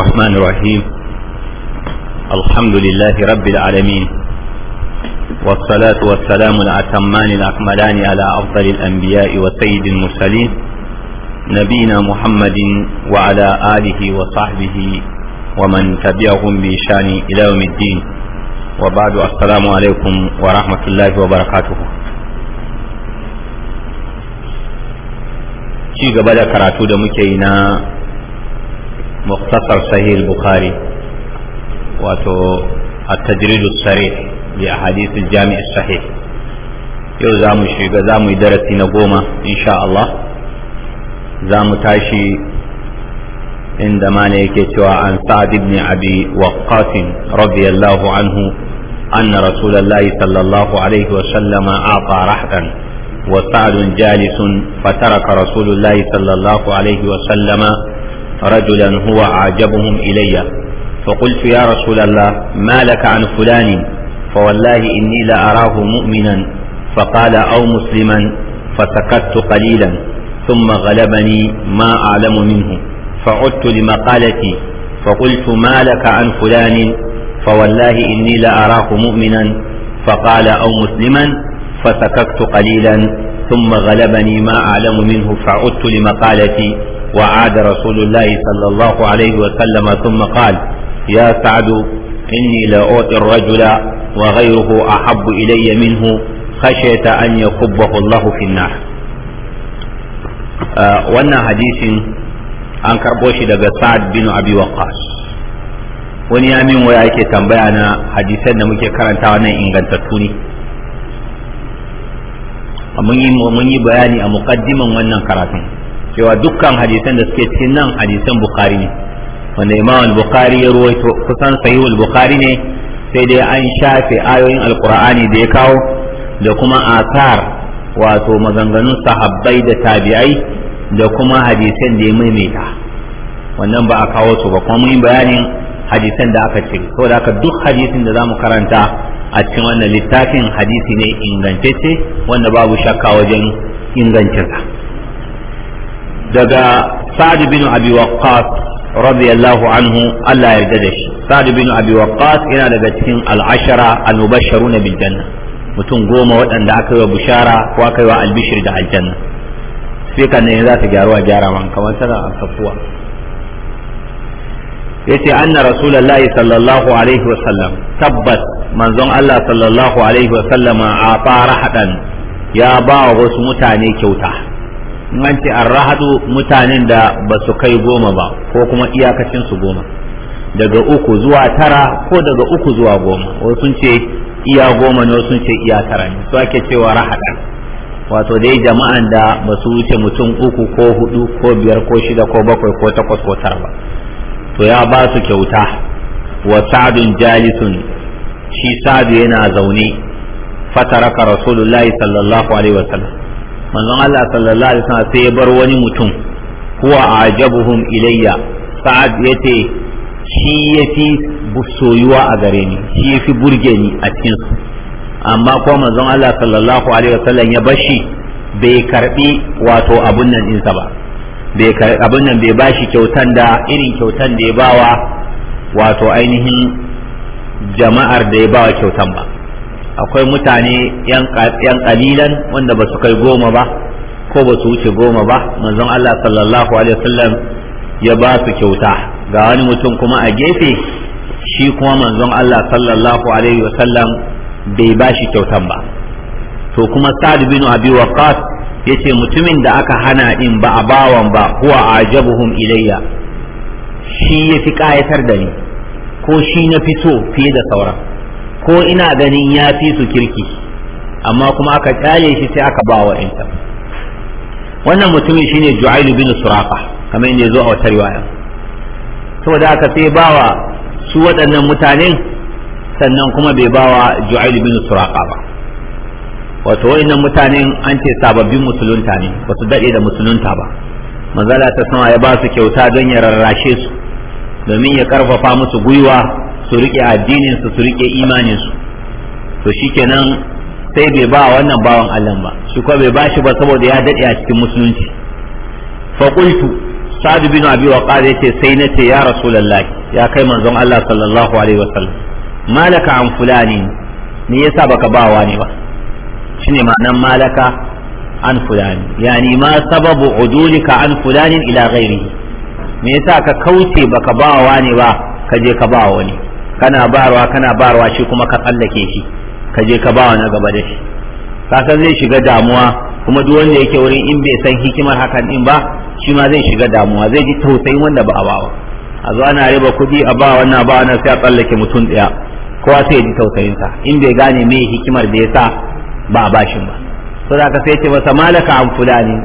الرحمن الرحيم الحمد لله رب العالمين والصلاة والسلام الأتمان الأكملان على أفضل الأنبياء وسيد المرسلين نبينا محمد وعلى آله وصحبه ومن تبعهم بشان إلى يوم الدين وبعد السلام عليكم ورحمة الله وبركاته ci gaba da karatu da muke yi na muktasar sahih bukhari wato التجريد الصريح لأحاديث الجامع الصحيح yau za mu shiga za mu yi darasi na goma insha Allah za mu tashi inda mana yake cewa an sa'ad ibn abi waqqas radiyallahu anhu anna rasulullahi sallallahu alaihi wa sallam a'ta rahdan wa sa'ad jalisun fataraka rasulullahi sallallahu wa رجلا هو أعجبهم إلي فقلت يا رسول الله ما لك عن فلان فوالله إني لأراه مؤمنا فقال أو مسلما فسكت قليلا ثم غلبني ما أعلم منه فعدت لمقالتي فقلت ما لك عن فلان فوالله إني لأراه مؤمنا فقال أو مسلما فسكت قليلا ثم غلبني ما أعلم منه فعدت لمقالتي وعاد رسول الله صلى الله عليه وسلم ثم قال يا سعد إني لا أعطي الرجل وغيره أحب إلي منه خشية أن يكبه الله في النار وانا حديث أن كربوشي لغا سعد بن أبي وقاص وني أمين ويأيكي تنبيعنا حديثنا نمكي كران تاوانا إنغان تتوني أمني بياني أمقدم وانا كراتين cewa dukkan hadisan da suke cikin nan hadisan bukhari ne wanda imam al-bukhari ya ruwaito kusan sahih al-bukhari ne sai dai an shafe ayoyin alqur'ani da ya kawo da kuma asar wato maganganun sahabbai da tabi'ai da kuma hadisan da ya maimaita wannan ba a kawo su ba kuma mun bayanin hadisan da aka ce saboda haka duk hadisin da zamu karanta a cikin wannan littafin hadisi ne ingantacce wanda babu shakka wajen ingancinsa daga sa'ad bin abi waqqas radiyallahu anhu Allah yarda da shi sa'ad bin abi waqqas yana daga cikin al-ashara al-mubashsharuna bil janna mutum goma waɗanda aka yi wa bushara ko aka yi wa albishir da aljanna speaker ne za ta gyaru a gyara man kamar tana safuwa yace anna rasulullahi sallallahu alaihi wa sallam tabbas manzon Allah sallallahu alaihi wa sallama a fara haɗan ya ba wa wasu mutane kyauta man ce rahadu mutanen da ba su kai goma ba ko kuma iyakacin su goma daga uku zuwa tara ko daga uku zuwa goma wasu sun ce iya goma ne wasu ce iya tara ne su ake cewa rahadan wato dai jama'an da ba su wuce mutum uku ko hudu ko biyar ko shida ko bakwai ko takwas ko tara ba to ya ba su kyauta wa sa'dun jalisun shi sa'du yana zaune fataraka rasulullahi sallallahu alaihi wasallam manzon Allah sallallahu alaihi wasallam sai ya bar wani mutum huwa ajabuhum ilayya sa'ad yace shi yafi soyuwa a gare ni shi yafi burge ni a cikin su amma kuma manzon Allah sallallahu alaihi wasallam ya bashi bai karbi wato abun nan sa ba bai abun nan bai bashi kyautan da irin kyautan da ya bawa wato ainihin jama'ar da ya bawa kyautan ba akwai mutane yan kalilan wanda ba su kai goma ba ko ba su wuce goma ba manzon Allah sallallahu alaihi wasallam ya ba su kyauta ga wani mutum kuma a gefe shi kuma manzon Allah sallallahu alaihi wasallam bai ba shi kyautan ba to kuma Sa'd bin Abi Waqqas yace mutumin da aka hana din ba a bawan ba huwa ajabuhum ilayya shi yafi kayatar da ni ko shi na fito fiye da sauran ko ina ganin ya fi su kirki amma kuma aka kyale shi sai aka ba wa inta wannan mutumin shine Ju'ailu bin Suraqa kamar inda ya zo a wata riwaya saboda aka sai bawa su waɗannan mutanen sannan kuma bai bawa Ju'ailu bin Suraqa ba wato wannan mutanen an ce sababbin musulunta ne ba su daɗe da musulunta ba manzala ta sama ya ba su kyauta don ya rarrashe su domin ya karfafa musu gwiwa su rike addinin su su rike imanin su to shikenan sai bai ba wannan bawan Allah ba shi ko bai bashi ba saboda ya dade a cikin musulunci fa qultu sa'd bin abi waqas yace sai nace ya rasulullah ya kai manzon Allah sallallahu alaihi wasallam malaka an fulani me yasa baka ba wani ba shine ma'anan malaka an fulani yani ma sababu udulika an fulani ila ghairihi me yasa ka kauce baka ba wani ba ka je ka ba wani kana barwa kana barwa shi kuma ka tsallake shi ka je ka bawa na gaba da shi kasan zai shiga damuwa kuma duk wanda yake wurin in bai san hikimar hakan din ba shi ma zai shiga damuwa zai ji tausayin wanda ba a bawa a zo ana riba kuɗi a ba wannan ba wannan sai a tsallake mutum ɗaya kowa sai ya ji tausayinsa in bai gane me hikimar da yasa ba a bashin ba to da ka sai ce masa malaka an fulani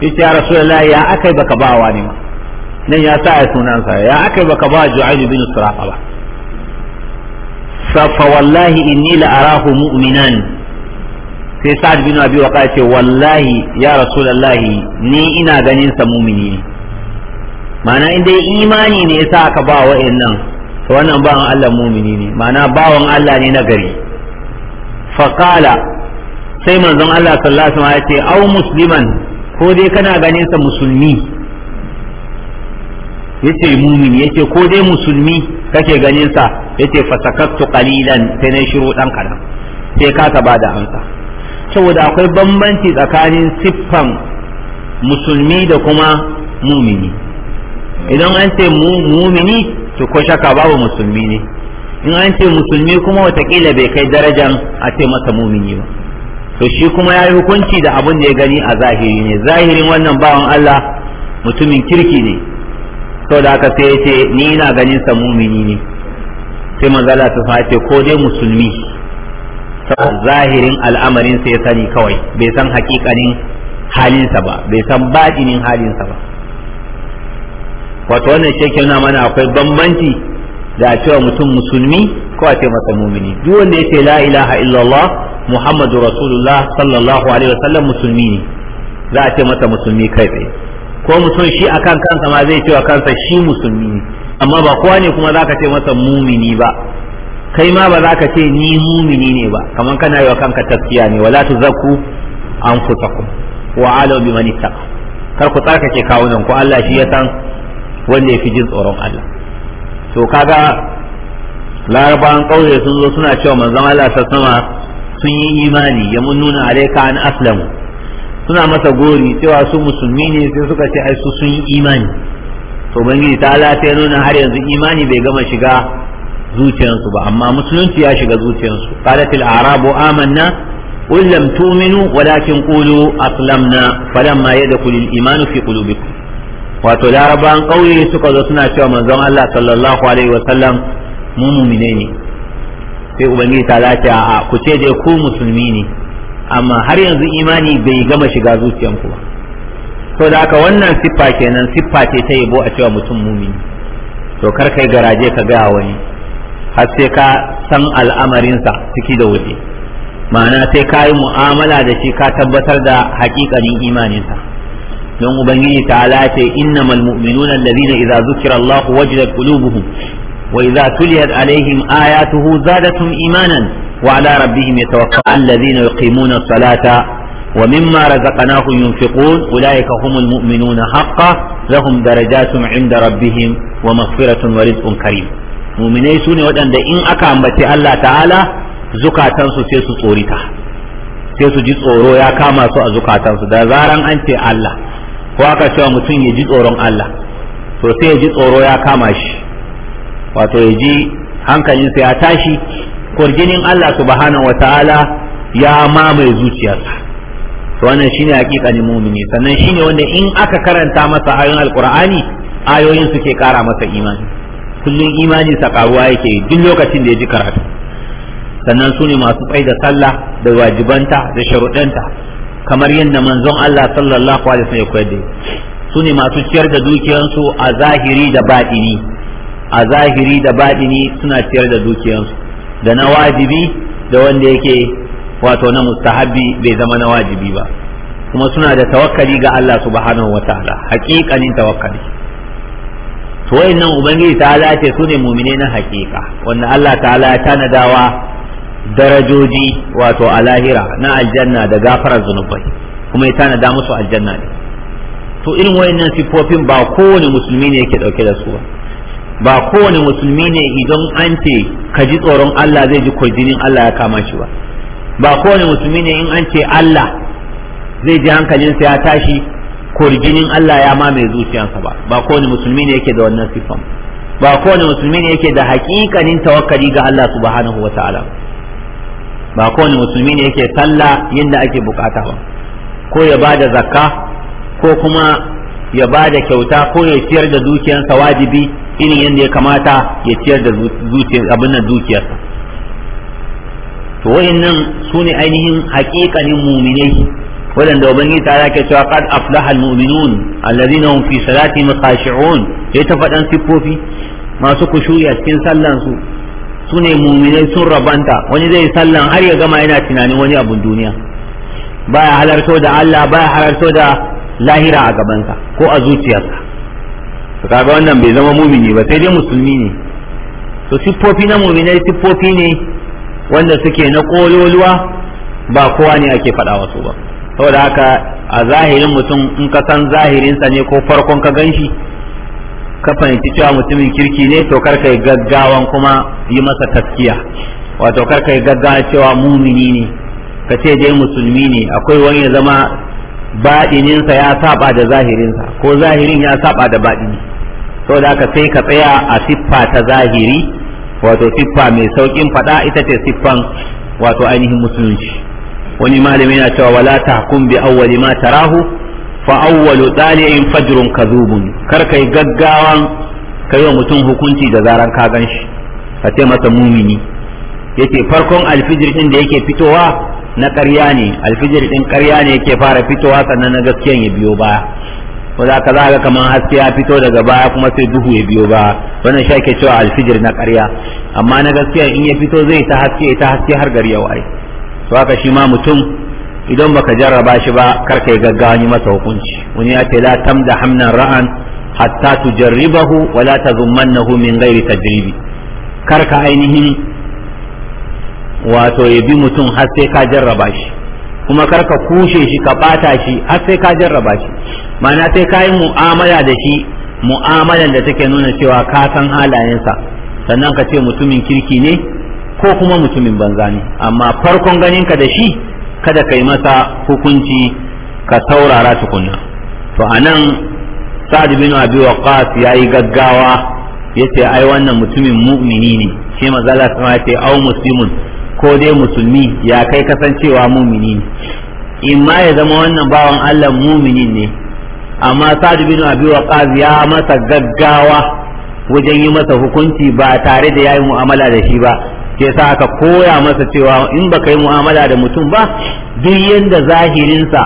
yace ya rasulullahi ya akai baka ba wani ma nan ya sa ya sunansa ya akai baka ba ju'ayl bin suraqa ba fa wallahi inni la arahu mu'minan sai sa'ad bin abi waqa ce wallahi ya rasulullahi ni ina ganin sa mu'mini mana ma'ana in dai imani ne yasa aka ba wa'annan to wannan bawan Allah mu'mini ne ma'ana bawan Allah ne na gari fa qala sai manzon Allah sallallahu alaihi wasallam ya ce au musliman ko dai kana ganin sa musulmi yace mu'min yace ko dai musulmi kake ganin sa yace fasakattu qalilan sai na shiru dan kadan sai ka ta bada amsa saboda akwai bambanci tsakanin siffan musulmi da kuma mumini idan an ce mumini to ko shaka babu musulmi ne in an ce musulmi kuma watakila bai kai darajan a ce masa mumini ba to shi kuma ya yi hukunci da abun da ya gani a zahiri ne zahirin wannan bawan Allah mutumin kirki ne to da aka sai ce ni ina ganin sa mumini ne sai manzala ta sa ce ko dai musulmi zahirin al'amarin sai ya sani kawai bai san hakikanin halinsa ba bai san baɗinin halinsa ba wato wannan shekin na mana akwai bambanci da cewa mutum musulmi ko a ce masa mumini duk wanda ya ce la ilaha illallah muhammadu rasulullah sallallahu alaihi wasallam musulmi ne za a ce masa musulmi kai tsaye ko mutum shi akan kansa ma zai cewa kansa shi musulmi amma ba kowa ne kuma zaka ce masa mumini ba kai ma ba zaka ce ni mumini ne ba kamar kana yi wa kanka tafiya ne wala tuzakku anfusakum wa bi man ittaqa kar ku tsarkake kawunan ku Allah shi ya san wanda ya jin tsoron Allah to kaga larabawan kauye sun zo suna cewa manzon Allah sassama sun yi imani ya mun nuna alaika an aslamu suna masa gori cewa su musulmi ne sai suka ce ai su sun yi imani to ubangiji ta ala nuna har yanzu imani bai gama shiga zuciyarsu ba amma musulunci ya shiga zuciyarsu qalat al arabu amanna qul lam tu'minu walakin qulu aslamna falamma yadkhul al iman fi qulubikum wato larabawan kauye suka zo suna cewa manzon Allah sallallahu alaihi wa sallam mu mu'mine ne sai ubangiji ta ala ku ce dai ku musulmi ne amma har yanzu imani bai gama shiga zuciyarku ba to da haka wannan siffa kenan siffa ce ta yabo a cewa mutum mumini to kar kai garaje ka gaya wani har sai ka san al'amarinsa ciki da waje ma'ana sai ka yi mu'amala da shi ka tabbatar da haƙiƙanin imaninsa don ubangiji ta ce innamal mu'minuna allazina idza zukira Allah wajilat qulubuhum wa idza tuliyat alaihim ayatuhu zadatum imanan وعلى ربهم يتوكل الذين يقيمون الصلاة ومما رزقناهم ينفقون أولئك هم المؤمنون حقا لهم درجات عند ربهم ومغفرة ورزق كريم مؤمني سوني ودن إن أكام بتي الله تعالى زكاة سيسو صورتا سيسو جيس أورو يا كاما سوء زكاة دا زارا أنت الله وأكا شوى متين يجيس أورو الله سوسي يجيس أورو يا كاما شي wato ya ji hankalinsa ya tashi kwarjinin Allah subhanahu wa ta'ala ya mamaye zuciyarsa to wannan shine hakikanin mumini sannan shine wanda in aka karanta masa ayoyin alqur'ani ayoyin suke kara masa imani kullun imani sa karuwa yake duk lokacin da ya ji karatu sannan su ne masu tsaye da sallah da wajibanta da sharuɗanta kamar yadda manzon Allah sallallahu alaihi wasallam ya koyar da su ne masu ciyar da dukiyansu a zahiri da baɗini a zahiri da baɗini suna ciyar da dukiyansu da na wajibi da wanda yake wato na mustahabbi bai zama na wajibi ba kuma suna da tawakkali ga Allah subhanahu ta'ala haƙiƙanin tawakkali to wayannan ubangiji ta'ala ce sune mu'mine na haƙiƙa wanda Allah ta'ala ya tanadawa darajoji wato a lahira na aljanna da gafarar zunubai kuma ya tanada musu aljanna ne to irin wayannan sifofin ba kowane musulmi ne yake dauke da su ba ba kowane musulmi ne idan an ce ka ji tsoron Allah zai ji kurjinin Allah ya kama shi ba ba kowane musulmi ne in an ce Allah zai ji hankalinsa ya tashi kurjinin Allah ya mai zuciyarsa ba ba kowane musulmi ne yake da wannan sifan ba kowane musulmi ne yake da hakikanin tawakkali ga Allah subhanahu wa ta'ala ba kowane musulmi ne yake sallah yadda ake bukata ba ko ya bada zakka ko kuma ya bada kyauta ko ya ciyar da dukiyarsa wajibi irin yadda ya kamata ya ciyar da zuciyar abin nan dukiyarsa to nan su ne ainihin haƙiƙanin muminai waɗanda ubangiji ta ke cewa qad aflaha almu'minun alladhina hum fi salatihim khashi'un ya ta faɗan siffofi masu kushuri a cikin sallan su su ne muminai sun rabanta wani zai sallan har ya gama yana tunanin wani abun duniya baya halarto da Allah baya halarto da lahira a gabansa ko a zuciyarsa kaga wannan bai zama mumini ba sai dai musulmi ne to siffofi na muminai siffofi ne wanda suke na kololuwa ba kowa ne ake faɗa wasu ba saboda haka a zahirin mutum in ka san zahirinsa ne ko farkon ka ganshi ka fahimci cewa mutumin kirki ne to kar kai gaggawan kuma yi masa taskiya wato kar kai gaggawa cewa mumini ne ka ce dai musulmi ne akwai wani ya zama baɗininsa ya saba da zahirinsa ko zahirin ya saba da baɗini saboda haka sai ka tsaya a siffa ta zahiri wato siffa mai saukin faɗa ita ce siffan wato ainihin musulunci wani malami yana cewa wala tahkum bi awwali ma tarahu fa awwalu dali'in fajrun kadhubun kar kai gaggawan kai wa mutum hukunci da zaran ka ganshi ka ce masa mumini yace farkon alfijir din da yake fitowa na ƙarya ne alfijir din ƙarya ne yake fara fitowa sannan na gaskiyan ya biyo baya ko za ka zaga kamar haske ya fito daga baya kuma sai duhu ya biyo baya wannan shi ake cewa alfijir na ƙarya amma na gaskiya in ya fito zai ta haske ta haske har gari ya waye to haka shi ma mutum idan baka jarraba shi ba kar kai gaggawa ni masa hukunci wani ya ce la tamda hamnan ra'an hatta tujarribahu wa la tazummannahu min ghairi tajribi kar ka ainihin wato ya bi mutum har sai ka jarraba shi kuma kar ka kushe shi ka bata shi har sai ka jarraba shi ma'ana sai ka yi mu'amala da shi mu'amalan da take nuna cewa ka san halayensa sannan ka ce mutumin kirki ne ko kuma mutumin banza ne amma farkon ganinka da shi kada ka yi masa hukunci ka saurara tukunna to anan sa'ad bin abi waqas yayi gaggawa yace ai wannan mutumin mu'mini ne shi mazala ya ce au muslimun ko dai musulmi ya kai kasancewa mumini ne in ma ya zama wannan bawan Allah mumini ne amma Sa'd bin Abi waqaz ya masa gaggawa wajen yi masa hukunci ba tare da yayi mu'amala da shi ba ke sa aka koya masa cewa in baka yi mu'amala da mutum ba duk yanda zahirinsa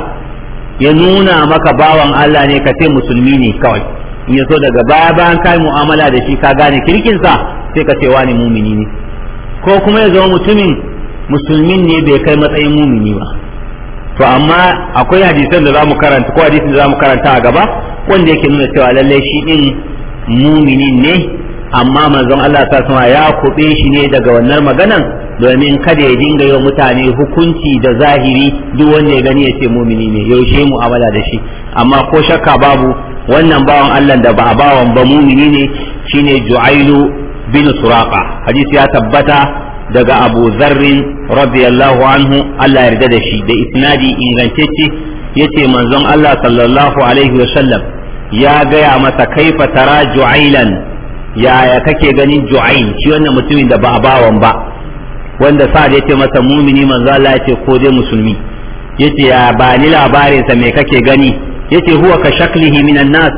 ya nuna maka bawan Allah ne ka ce musulmi ne kawai in ya so daga baya bayan kai mu'amala da shi ka gane kirkinsa sai ka ce wani mumini ne ko kuma ya zama mutumin musulmin ne bai kai matsayin mumini ba to amma akwai hadisan da za mu karanta ko hadisin da za mu karanta a gaba wanda yake nuna cewa lallai shi din muminin ne amma manzon Allah ta sama ya kuɓe shi ne daga wannan maganan domin kada ya dinga yi mutane hukunci da zahiri duk wanda ya gani ya ce mumini ne yaushe mu'amala da shi amma ko shakka babu wannan bawan Allah da ba a bawan ba mumini ne shine Ju'ailu bin suraqa hadisi ya tabbata daga abu zarri radiyallahu anhu Allah yarda da shi da isnadi ingantacce yace manzon Allah sallallahu alaihi wa sallam ya gaya masa kai fatara ju'ailan yaya kake ganin ju'ain shi wannan mutumin da ba a bawan ba wanda sa da yace masa mumini manzo Allah ko dai musulmi yace ya ba ni me kake gani yace huwa ka shaklihi minan nas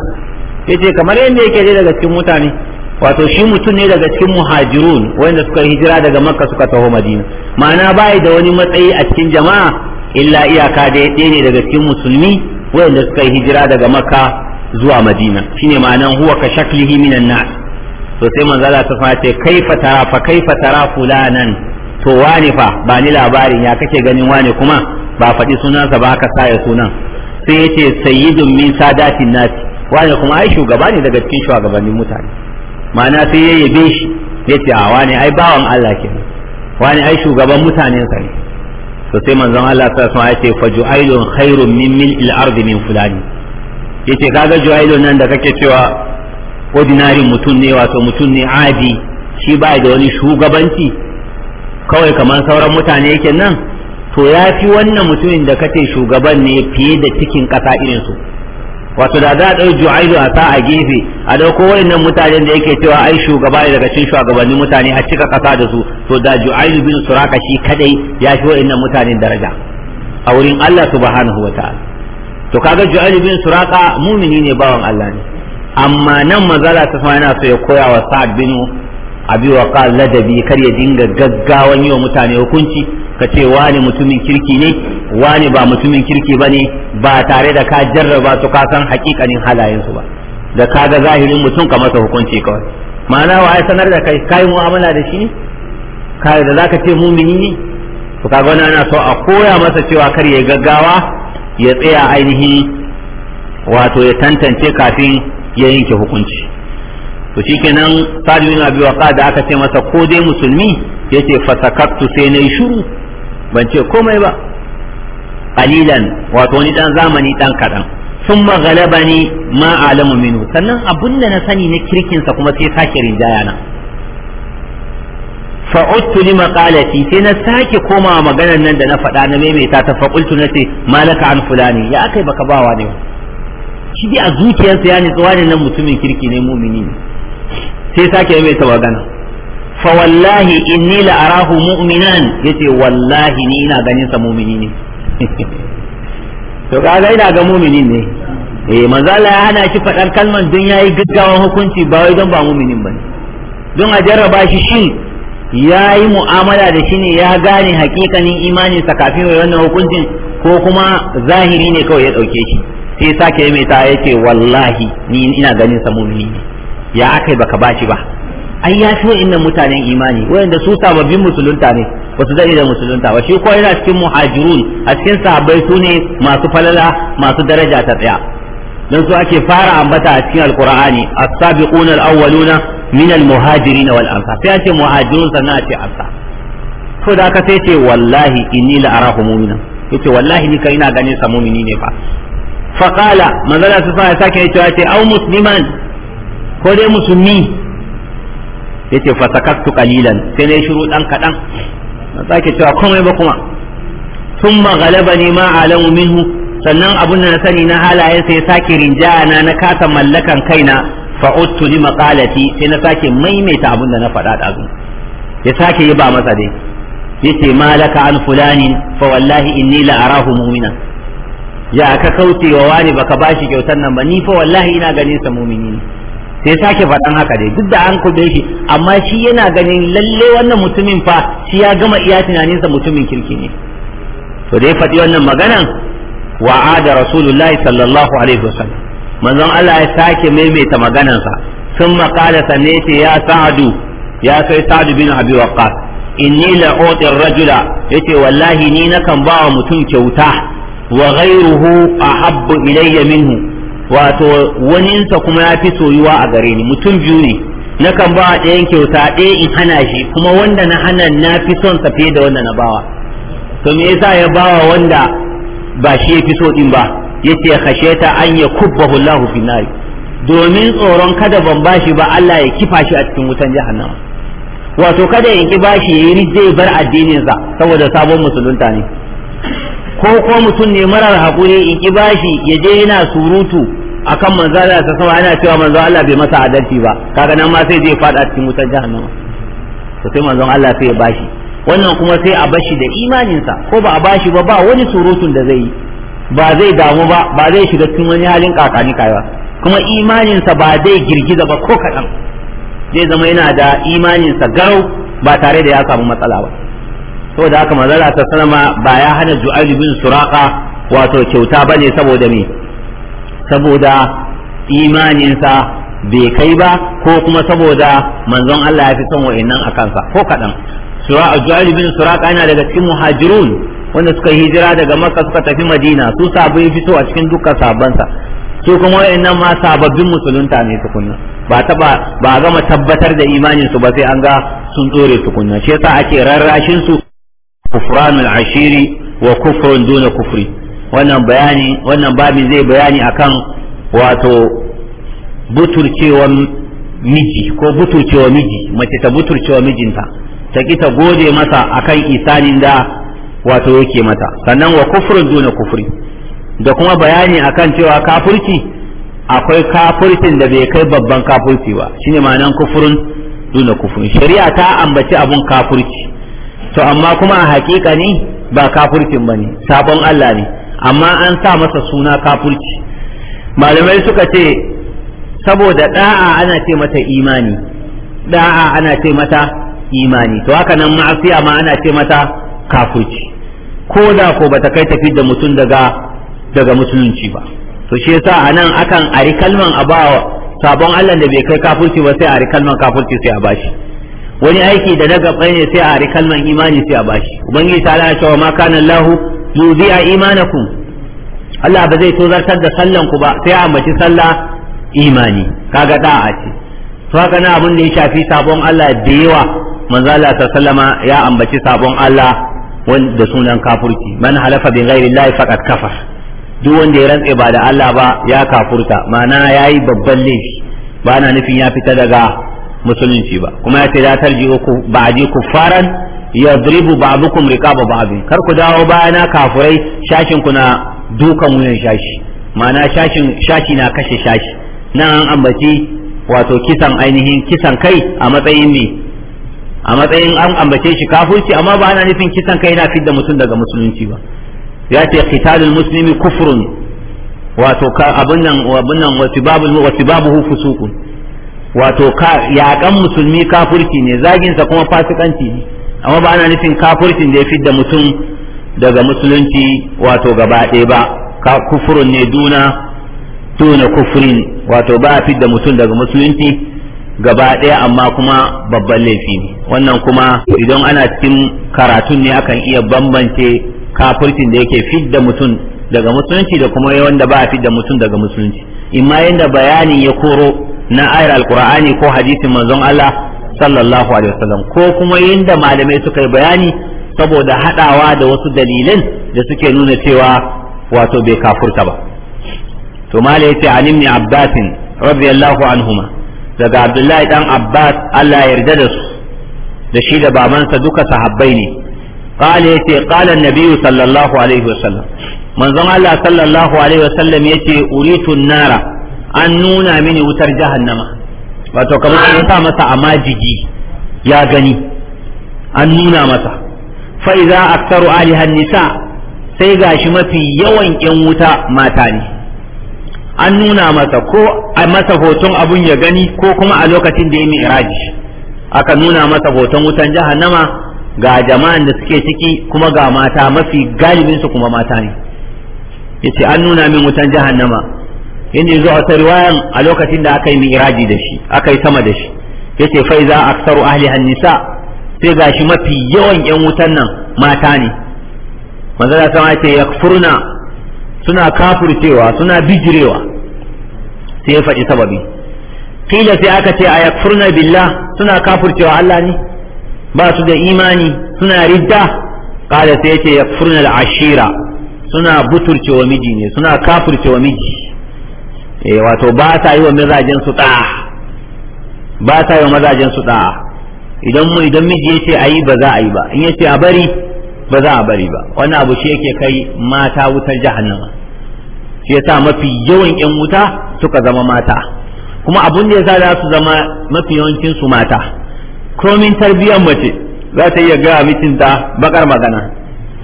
yace kamar yanda yake daga cikin mutane wato shi mutum ne daga cikin muhajirun wanda suka hijira daga makka suka taho madina ma'ana bai da wani matsayi a cikin jama'a illa iyaka da ɗaya ne daga cikin musulmi wanda suka hijira daga makka zuwa madina shine ma'anan huwa ka shaklihi minan nas to sai manzo Allah ta fata kai fa tara fa fa tara fulanan to wani fa ba ni labarin ya kake ganin wani kuma ba faɗi sunansa ba ka saya sunan sai yace sayyidun min sadatin nas wani kuma ai shugaba ne daga cikin shugabannin mutane ma'ana sai ya yabe shi ya ce a wani ai bawan Allah ke wani ai shugaban mutanen sa ne to sai manzon Allah ta sa ya ce fa ju'ailun khairun min mil'il ardi min fulani yace kaga ju'ailun nan da kake cewa ordinary mutum ne wato mutum ne adi shi ba da wani shugabanci kawai kamar sauran mutane yake nan to ya fi wannan mutumin da kake shugaban ne fiye da cikin kasa irin su wato da za a ɗau ju'aidu a sa a gefe a ɗauko waɗannan mutanen da yake cewa ai shugaba ne daga cikin shugabannin mutane a cika ƙasa da su to da ju'aidu bin suraka shi kadai ya fi waɗannan mutanen daraja a wurin Allah subhanahu wa ta'ala to kaga ju'aidu bin suraka mumini ne bawan Allah ne amma nan mazala ta yana so ya koya wa sa'ad bin abi wa ladabi kar ya dinga gaggawan yi wa mutane hukunci ka ce wani mutumin kirki ne wani ba mutumin kirki ba ne ba tare da ka jarraba su ka san hakikanin halayensu ba da ka ga zahirin mutum ka masa hukunci kawai ma'ana wa sanar da kai kai mu'amala da shi ne kai da zaka ce mumini ne to kaga wani ana so a koya masa cewa kar ya gaggawa ya tsaya ainihi wato ya tantance kafin ya yanke hukunci to shikenan Sa'd bin Abi da aka ce masa ko dai musulmi yace fasakattu sai nayi shuru ban ce komai ba qalilan wato wani dan zamani dan kadan thumma ghalabani ma alamu minhu sannan abunda na sani na kirkin sa kuma sai sake rinjaya na fa'udtu li maqalati sai na sake komawa maganar nan da na faɗa na maimaita ta fa qultu nace malaka an fulani ya akai baka bawa ne shi dai a zuciyarsa ya nitsuwa ne nan mutumin kirki ne mumini ne sai sake mai ta magana fa wallahi inni la arahu mu'minan yace wallahi ni ina ganin sa mu'mini ne to ga ina ga mu'mini ne eh manzo Allah ya hana shi fadar kalman dun yayi gaggawan hukunci ba wai don ba mu'minin bane don a jarraba shi shin yayi mu'amala da shi ne ya gane hakikanin imani sa kafin wannan hukuncin ko kuma zahiri ne kawai ya dauke shi sai sake mai ta yace wallahi ni ina ganin sa mu'mini ne ya aka yi baka bashi ba an ya fi wa'annan mutanen imani wayanda su sababbin musulunta ne ba su daɗe da musulunta ba shi ko yana cikin muhajirun a cikin sahabbai su ne masu falala masu daraja ta tsaya don su ake fara ambata a cikin alkur'ani as-sabiquna al-awwaluna min al-muhajirin wal ansar sai ake muhajirun sannan ce ansar Ko da aka sai ce wallahi inni la arahu mu'mina yace wallahi ni kai ina ganin sa mu'mini ne fa faqala manzala su sa sake yace au musliman ko dai musulmi yace fasakattu kalilan sai ne shiru dan kaɗan na sake cewa komai ba kuma thumma ne ma alamu minhu sannan abun da na sani na halayen sai sake rinjana na kasa mallakan kaina fa'udtu li maqalati sai na sake maimaita abun da na faɗa da ya sake yi ba masa dai yace malaka an fulani fa wallahi inni la arahu mu'mina ya ka kauce wa wani baka bashi kyautar nan ba ni fa wallahi ina ganin sa mu'mini sai sake faɗan haka dai duk da an kube shi amma shi yana ganin lalle wannan mutumin fa shi ya gama iya tunaninsa mutumin kirki ne to da faɗi wannan maganan wa'ada rasulullahi sallallahu alaihi wasallam manzon Allah ya sake maimaita maganansa sun maƙala sanne ce ya sa'adu ya kai sa'adu bin abi waqqas inni la rajula yace wallahi ni nakan ba wa mutum kyauta wa ghayruhu ahabbu ilayya minhu wato waninsa kuma ya fi soyuwa a gare ni mutum biyu ne na kan ba ɗayan kyauta ɗaya in hana shi kuma wanda na hana na fi son sa fiye da wanda na bawa to me yasa ya bawa wanda ba shi ya fi so din ba yace ta an ya kubba hulahu fi domin tsoron kada ban bashi ba Allah ya kifa shi a cikin wutan jahannama wato kada in ki bashi ya yi bar addininsa saboda sabon musulunta ne ko ko mutum ne marar hakuri in ki bashi ya je yana surutu akan manzo Allah ta sama ana cewa manzo Allah bai masa adalci ba kaga nan ma sai zai fada cikin wutar jahannama to sai manzo Allah sai ya bashi wannan kuma sai a bashi da imaninsa ko ba a bashi ba ba wani surutun da zai yi ba zai damu ba ba zai shiga cikin wani halin kakani kaiwa kuma imaninsa ba zai girgiza ba ko kaɗan zai zama yana da imaninsa garau ba tare da ya samu matsala ba saboda haka manzala ta sanama ba ya hana ju'al bin suraka wato kyauta bane saboda me saboda imaninsa bai kai ba ko kuma saboda manzon Allah ya fi son wa'annan a kansa ko kaɗan sura ju'al bin suraka yana daga cikin muhajirun wanda suka hijira daga makka suka tafi madina su sabai fito a cikin dukkan sabansa su kuma wa'annan ma sababbin musulunta ne tukunna ba taba ba gama tabbatar da imanin su ba sai an ga sun tsore tukunna shi yasa ake rarrashin su kufran al-ashiri wa kufrun duna kufri wannan bayani wannan babi zai bayani akan wato buturcewa miji ko buturcewa miji mace ta buturcewa mijinta ta ki ta gode masa akan isanin da wato yake mata sannan wa kufrun duna kufri da kuma bayani akan cewa kafirci akwai kafircin da bai kai babban kafirci ba shine ma'anan kufrun duna kufri shari'a ta ambaci abun kafirci to amma kuma a haƙiƙa ne ba kafurcin ba ne sabon Allah ne amma an sa masa suna kafurci malamai suka ce saboda da'a ana ce mata imani da'a ana ce mata imani to haka nan ma'asiya ma ana ce mata kafurci ko da ko bata kai tafi da mutum daga daga musulunci ba to shi yasa anan akan ari kalman a ba sabon Allah da bai kai kafurci ba sai ari kalman kafurci sai a bashi wani aiki da na gabai ne sai a hari kalman imani sai a bashi ubangiji ta ala cewa ma kana Allah yuzi'a imanakum Allah ba zai tozartar da sallan ku ba sai a ambaci sallah imani kaga a ce to haka na abin da ya shafi sabon Allah da yawa manzo Allah sallama ya ambaci sabon Allah da sunan kafurci man halafa bi ghairi Allah faqad kafar duk wanda ya rantse ba da Allah ba ya kafurta ma'ana yayi babban laifi ba na nufin ya fita daga musulunci ba kuma ya ce ba ji ku la tarji'u ba'di kuffaran yadribu ba riqaba ba'd kar ku dawo bayana kafurai shashin ku na dukan wuyan shashi ma'ana shashin shashi na kashe shashi nan an ambaci wato kisan ainihin kisan kai a matsayin ne a matsayin an ambace shi kafurci amma ba ana nufin kisan kai na fidda mutum daga musulunci ba ya ce qitalul muslimi kufrun wato abun nan abin nan wasibabu wasibabuhu fusuqun wato yaƙan musulmi kafurci ne zaginsa kuma fasikanci ne amma ba ana nufin kafurcin da ya fidda mutum daga musulunci wato gaba ɗaya ba ka kufurun ne duna tuna kufurin wato ba a fidda mutum daga musulunci gaba ɗaya amma kuma babban laifi ne wannan kuma idan ana cikin karatun ne akan iya bambance kafurcin da yake fidda mutum daga musulunci da kuma wanda ba a fidda mutum daga musulunci imma yanda bayanin ya koro na ayar alkur'ani ko hadisin manzon Allah sallallahu alaihi wasallam ko kuma yinda malamai suka yi bayani saboda hadawa da wasu dalilan da suke nuna cewa wato bai kafurta ba to malai yace an ibn abbas radiyallahu anhuma daga abdullahi dan abbas Allah ya yarda da su da shi da babansa duka sahabbai ne قال يتي قال النبي صلى الله عليه وسلم من زمان الله صلى الله عليه وسلم يتي أريت النار an nuna mini wutar jahannama wato kamar an sa masa a majigi ya gani an nuna masa fa idza aktaru alihan nisa sai gashi mafi yawan yan wuta mata ne an nuna masa ko a masa hoton abun ya gani ko kuma a lokacin da ya mi'raji aka nuna masa hoton wutan jahannama ga jama'an da suke ciki kuma ga mata mafi galibinsu kuma mata ne yace an nuna min wutan jahannama inda zuwa ta riwayan a lokacin da aka yi mi'raji da shi aka yi sama da shi ya ce fai za a aktsaru ahli hannisa sai gashi mafi yawan yan wutan nan mata ne manzo da sama ya yakfurna suna kafurcewa suna bijirewa sai ya faɗi sababi kila sai aka ce a yakfurna billah suna kafurcewa Allah ne ba su da imani suna ridda kada sai yace yakfurna da ashira suna buturcewa miji ne suna kafurcewa miji eh wato ba ta yi wa mazajen su da'a ba ta yi wa mazajen su da'a idan mu idan miji yace ayi ba za a yi ba in yace a bari ba za a bari ba wannan abu shi yake kai mata wutar jahannama shi yasa mafi yawan yan wuta suka zama mata kuma abun da yasa za su zama mafi yawancin su mata komin tarbiyyar mace za ta iya ga ta bakar magana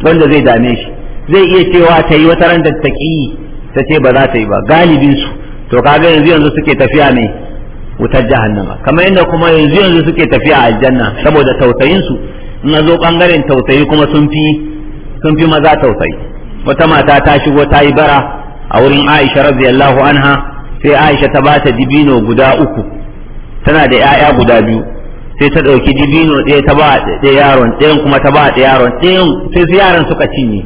wanda zai dame shi zai iya cewa ta yi wata ran da ta ta ce ba za ta yi ba galibin su to kaga yanzu yanzu suke tafiya ne wutar jahannama kamar yadda kuma yanzu yanzu suke tafiya a aljanna saboda tausayin su in zo bangaren tausayi kuma sun fi sun fi maza tausayi wata mata ta shigo ta yi bara a wurin Aisha radiyallahu anha sai Aisha ta ba ta dibino guda uku tana da 'ya'ya guda biyu sai ta ɗauki dibino ɗaya ta ba ɗaya yaron ɗayan kuma ta ba ɗaya yaron ɗayan sai su yaran suka cinye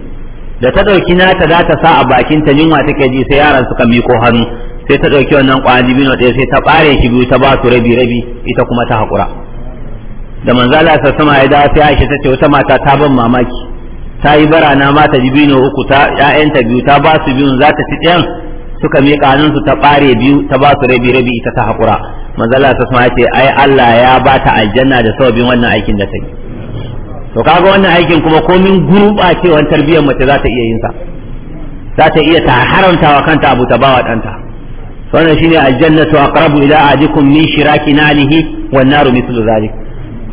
da ta ɗauki nata za ta sa a bakin ta yunwa take ji sai yaran suka miko hannu sai ta ɗauki wannan ƙwayar dibino ɗaya sai ta ɓare shi biyu ta ba su rabi rabi ita kuma ta haƙura da manzo Allah sa sama ya dawo sai Aisha ta ce wata mata ta ban mamaki ta yi bara na mata dibino uku ta ƴaƴanta biyu ta ba su biyun za ta ci ɗayan suka miƙa su ta ɓare biyu ta ba su rabi rabi ita ta haƙura manzo Allah sa sama ya ce ai Allah ya ba ta aljanna da sababin wannan aikin da ta yi to kaga wannan aikin kuma komin gurɓacewar tarbiyyar mace za ta iya yin sa za ta iya ta haramta wa kanta abu ta bawa ɗanta wannan shine aljannatu aqrabu ila ahadikum min shiraki nalihi wan naru mithlu zalik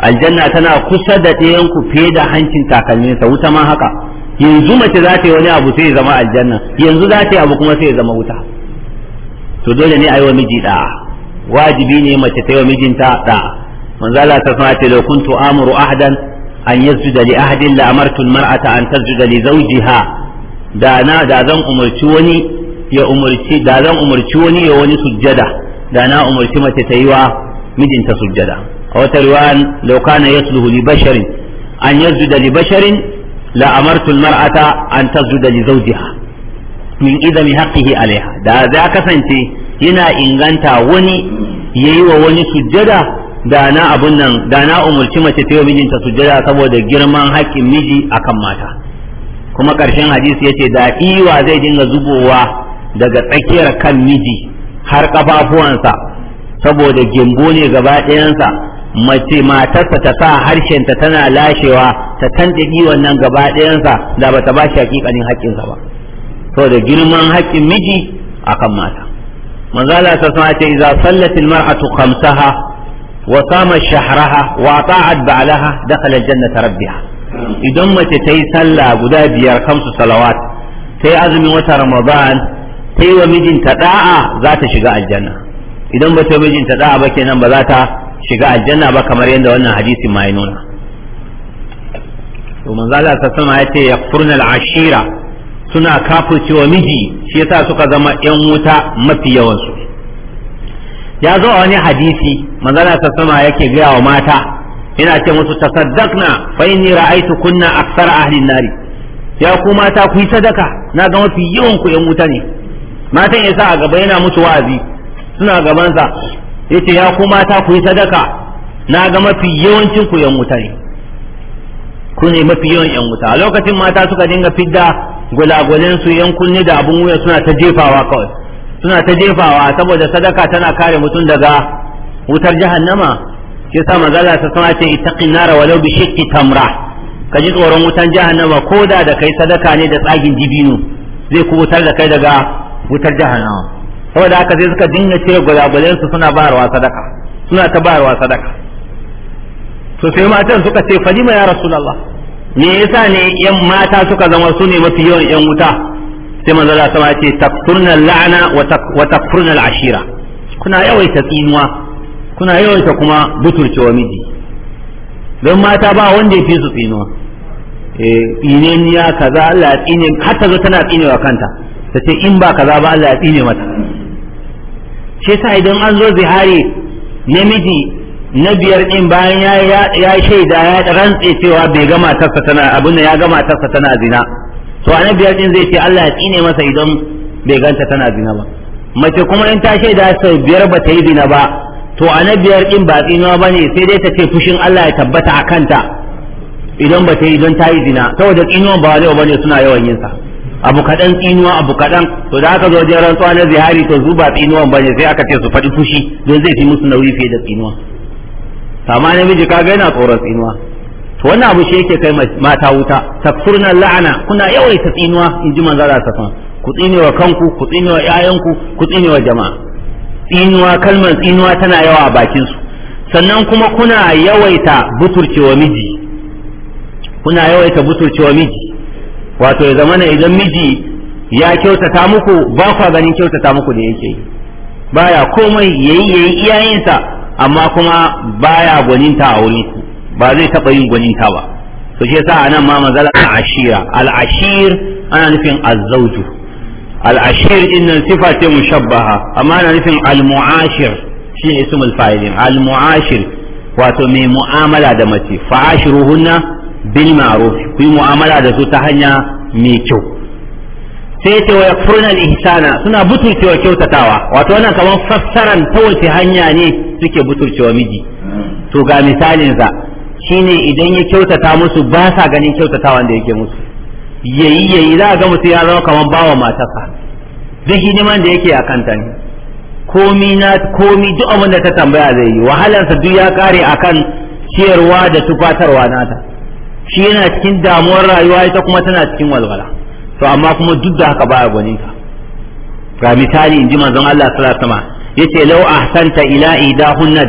aljanna tana kusa da ɗayan ku fiye da hancin takalminsa wuta ma haka yanzu mace za ta yi wani abu sai zama aljanna yanzu za ta yi abu kuma sai ya zama wuta to dole ne a yi wa miji da wajibi ne mace ta yi wa mijinta da'a manzala ta sana ce lau amuru ahadan an yasjuda li ahadin la amartu almar'ata an tasjuda li zawjiha da na da zan umarci wani ya umarci da zan umarci wani ya wani sujjada da na umarci mace ta yi wa mijinta sujjada a wata riwayan law kana yasluhu li basharin an yasjuda li basharin la amartu mar'ata an tasjuda li zawjiha min idami haqqihi alaiha da za kasance yana inganta wani yayi wa wani sujjada da na abun nan da na umarci mace ta yi mijinta sujjada saboda girman haƙƙin miji akan mata kuma ƙarshen hadisi yace da iwa zai dinga zubowa daga tsakiyar kan miji har ƙafafuwansa saboda gimbo ne gaba ɗayansa mace matarsa ta sa harshenta tana lashewa ta tantaki wannan gaba ɗayansa da ba ta ba shi hakikanin haƙƙinsa ba saboda girman haƙƙin miji akan mata manzala ta sama ce idza sallat almar'atu khamsaha wa sama shahraha wa ata'at ba'laha dakhala aljannata rabbiha idan mace ta yi sallah guda biyar kamsu salawat ta yi azumin wata ramadan ta yi wa mijinta da'a za ta shiga aljanna idan ba ta mijinta da'a ba kenan ba za ta shiga aljanna ba kamar yadda wannan hadisi ma ya nuna to manzo Allah sassama ya ce yakfurna al-ashira suna kafirce wa miji shi yasa suka zama yan wuta mafi yawan su ya zo wani hadisi manzo Allah sassama yake gaya wa mata yana ce musu tasaddaqna fa inni ra'aytu kunna akthar ahli an-nari ya ku mata ku yi sadaka na ga mafi yawan ku yan wuta ne matan yasa a gaba yana musu wa'azi suna gabansa yace ya ku mata ku yi sadaka na ga mafi yawancin ku yan wuta ne ku ne mafi yawan yan wuta a lokacin mata suka dinga fidda gulagulen su yan kunne da abun wuya suna ta jefawa kawai suna ta jefawa saboda sadaka tana kare mutum daga wutar jahannama sa manzala ta sama ce itaqi nara walau bi shiqqi tamra ka ji tsoron wutan jahannama ko da da kai sadaka ne da tsagin dibino zai kubutar da kai daga wutar jahannama saboda haka sai suka dinga cire gwalagwalen su suna bayarwa sadaka suna ta bayarwa sadaka to sai matan suka ce falima ya rasulullah me yasa ne yan mata suka zama su ne mafi yawan yan wuta sai manzo Allah sama ce takfurna la'ana wa takfurna al'ashira kuna yawaita tsinuwa kuna yawaita kuma wa miji don mata ba wanda ya fi su tsinuwa eh, tsine ya kaza Allah ya tsine har ta zo tana tsinewa kanta ta ce in ba kaza ba Allah ya tsine mata shi sa idan an zo zihari namiji na biyar din bayan ya shaida ya rantse cewa bai gama tasa tana abin da ya gama tarsa tana zina to a na biyar din zai ce Allah ya tsine masa idan bai ganta tana zina ba mace kuma in ta shaida sai biyar ba ta yi zina ba to a na biyar din ba tsinuwa ba ne sai dai ta ce fushin Allah ya tabbata a kanta idan ba ta yi don ta yi zina saboda tsinuwan ba wani ba ne suna yawan yinsa abu kaɗan tsinuwa abu kaɗan to da aka zo wajen rantsuwa na zihari to zuba ba tsinuwan ba ne sai aka ce su faɗi fushi don zai fi musu nauyi fiye da tsinuwa amma namiji ka yana tsoron tsinuwa to wannan abu shi yake kai mata wuta takfurna la'ana kuna yawaita tsinuwa in ji manzara ta ku tsinewa kanku ku tsinewa ƴaƴanku ku tsinewa jama'a tsinuwa kalmar tsinuwa tana yawa a bakin su sannan kuma kuna yawaita buturcewa miji kuna yawaita buturcewa miji wato ya zamana idan miji ya kyautata muku ba kwa ganin kyautata muku da yake baya komai yayi yayi iyayensa amma kuma baya gwaninta a wurin ku ba zai taba yin gwaninta ba to shi yasa anan ma manzal ashira al ashir ana nufin azzauju al ashir din nan sifa ce mushabbaha amma ana nufin al muashir ne ismul fa'ilin al muashir wato mai mu'amala da mace fa'ashiruhunna bil ma'ruf kuyi mu'amala da su ta hanya mai kyau sai ce wa yakfurna al ihsana suna butulcewa kyautatawa wato wannan kaman fassaran ta wace hanya ne suke butulcewa miji to ga misalin sa shine idan ya kyautata musu ba sa ganin kyautatawan da yake musu yayi yayi za ga mutum ya zama kaman bawa matarsa ne hidiman da yake a kanta ne komi na komi duk abin da ta tambaya zai yi wahalarsa duk ya kare akan ciyarwa da tufatarwa nata shi yana cikin damuwar rayuwa ita kuma tana cikin walwala to amma kuma duk da haka baya ka ga misali in ji manzon Allah sallallahu alaihi wasallam yace law ahsanta ila idahunna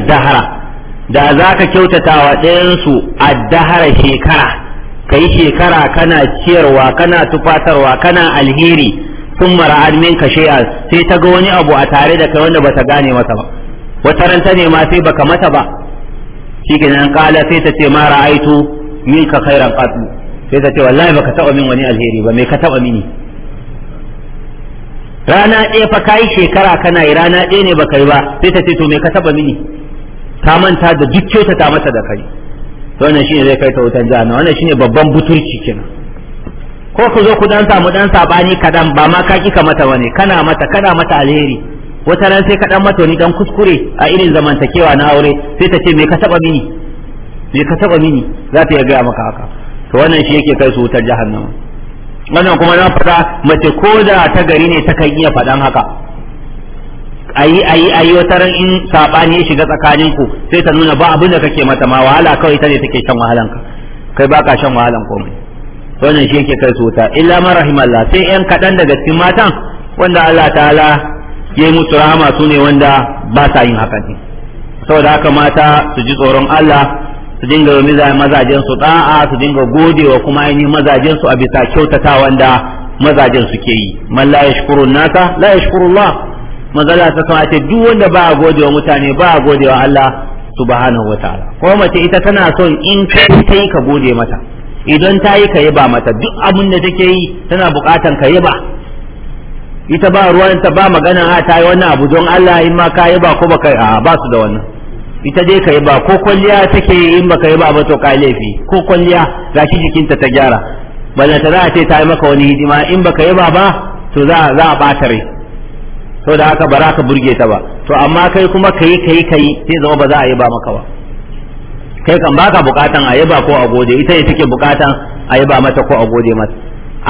da zaka kyautata wa ɗayan su addahara shekara kai shekara kana ciyarwa kana tufatarwa kana alheri sun mara'ad ka shay'a sai ta wani abu a tare da kai wanda bata gane masa ba wata ranta ne ma sai baka mata ba kenan kala sai ta ce ma ra'aitu minka khairan qatu sai ta ce wallahi baka taba min wani alheri ba me ka taba mini rana ɗaya fa kai shekara kana yi rana ɗaya ne baka yi ba sai ta ce to me ka taba mini ka manta da duk kyauta ta mata da kai to wannan shine zai kai ta wutan jahannama wannan shine babban buturci kenan ko ku zo ku dan samu dan sabani kadan ba ma ka kika mata wani kana mata kana mata alheri wata ran sai ka dan mata ni dan kuskure a irin zamantakewa na aure sai ta ce me ka taba mini me ka taba mini za ta iya gaya maka haka to wannan shi yake kai su wutar jahannama wannan kuma na faɗa mace ko da ta gari ne ta kan iya faɗan haka ayi ayi ayi wata ran in sabani ya shiga tsakanin ku sai ta nuna ba abin da kake mata ma wahala kawai ta ne take shan wahalan ka kai baka shan wahalan komai wannan shi yake kai su wuta illa man rahimallah sai yan kaɗan daga cikin matan wanda Allah ta'ala ya yi musu rahama su ne wanda ba sa yin haka ne saboda haka mata su ji tsoron Allah su dinga yi mazajen su da'a su dinga godewa kuma ainihin mazajen su a bisa kyautata wanda mazajen su ke yi man la yashkuru nasa la yashkurullah mazala ta sama ce duk wanda ba a godewa mutane ba a godewa Allah subhanahu wataala ko mace ita tana son in kai kai ka gode mata idan ta yi ka yaba mata duk abin da take yi tana bukatan ka yaba ita ba ruwanta ba magana a ta yi wannan abu don Allah in ma ka yaba ko baka a ba su da wannan ita dai kai ba ko kwalliya take yi in baka yi ba ba to kai laifi ko kwalliya ki jikinta ta gyara balla ta za a ce ta yi maka wani hidima in baka yi ba ba to za a bata rai to da haka ba za ka burge ta ba to amma kai kuma kai kai kai sai zama ba za a yi ba maka ba kai kan baka bukatan a yi ba ko a gode ita ne take bukatan a yi ba mata ko a gode mata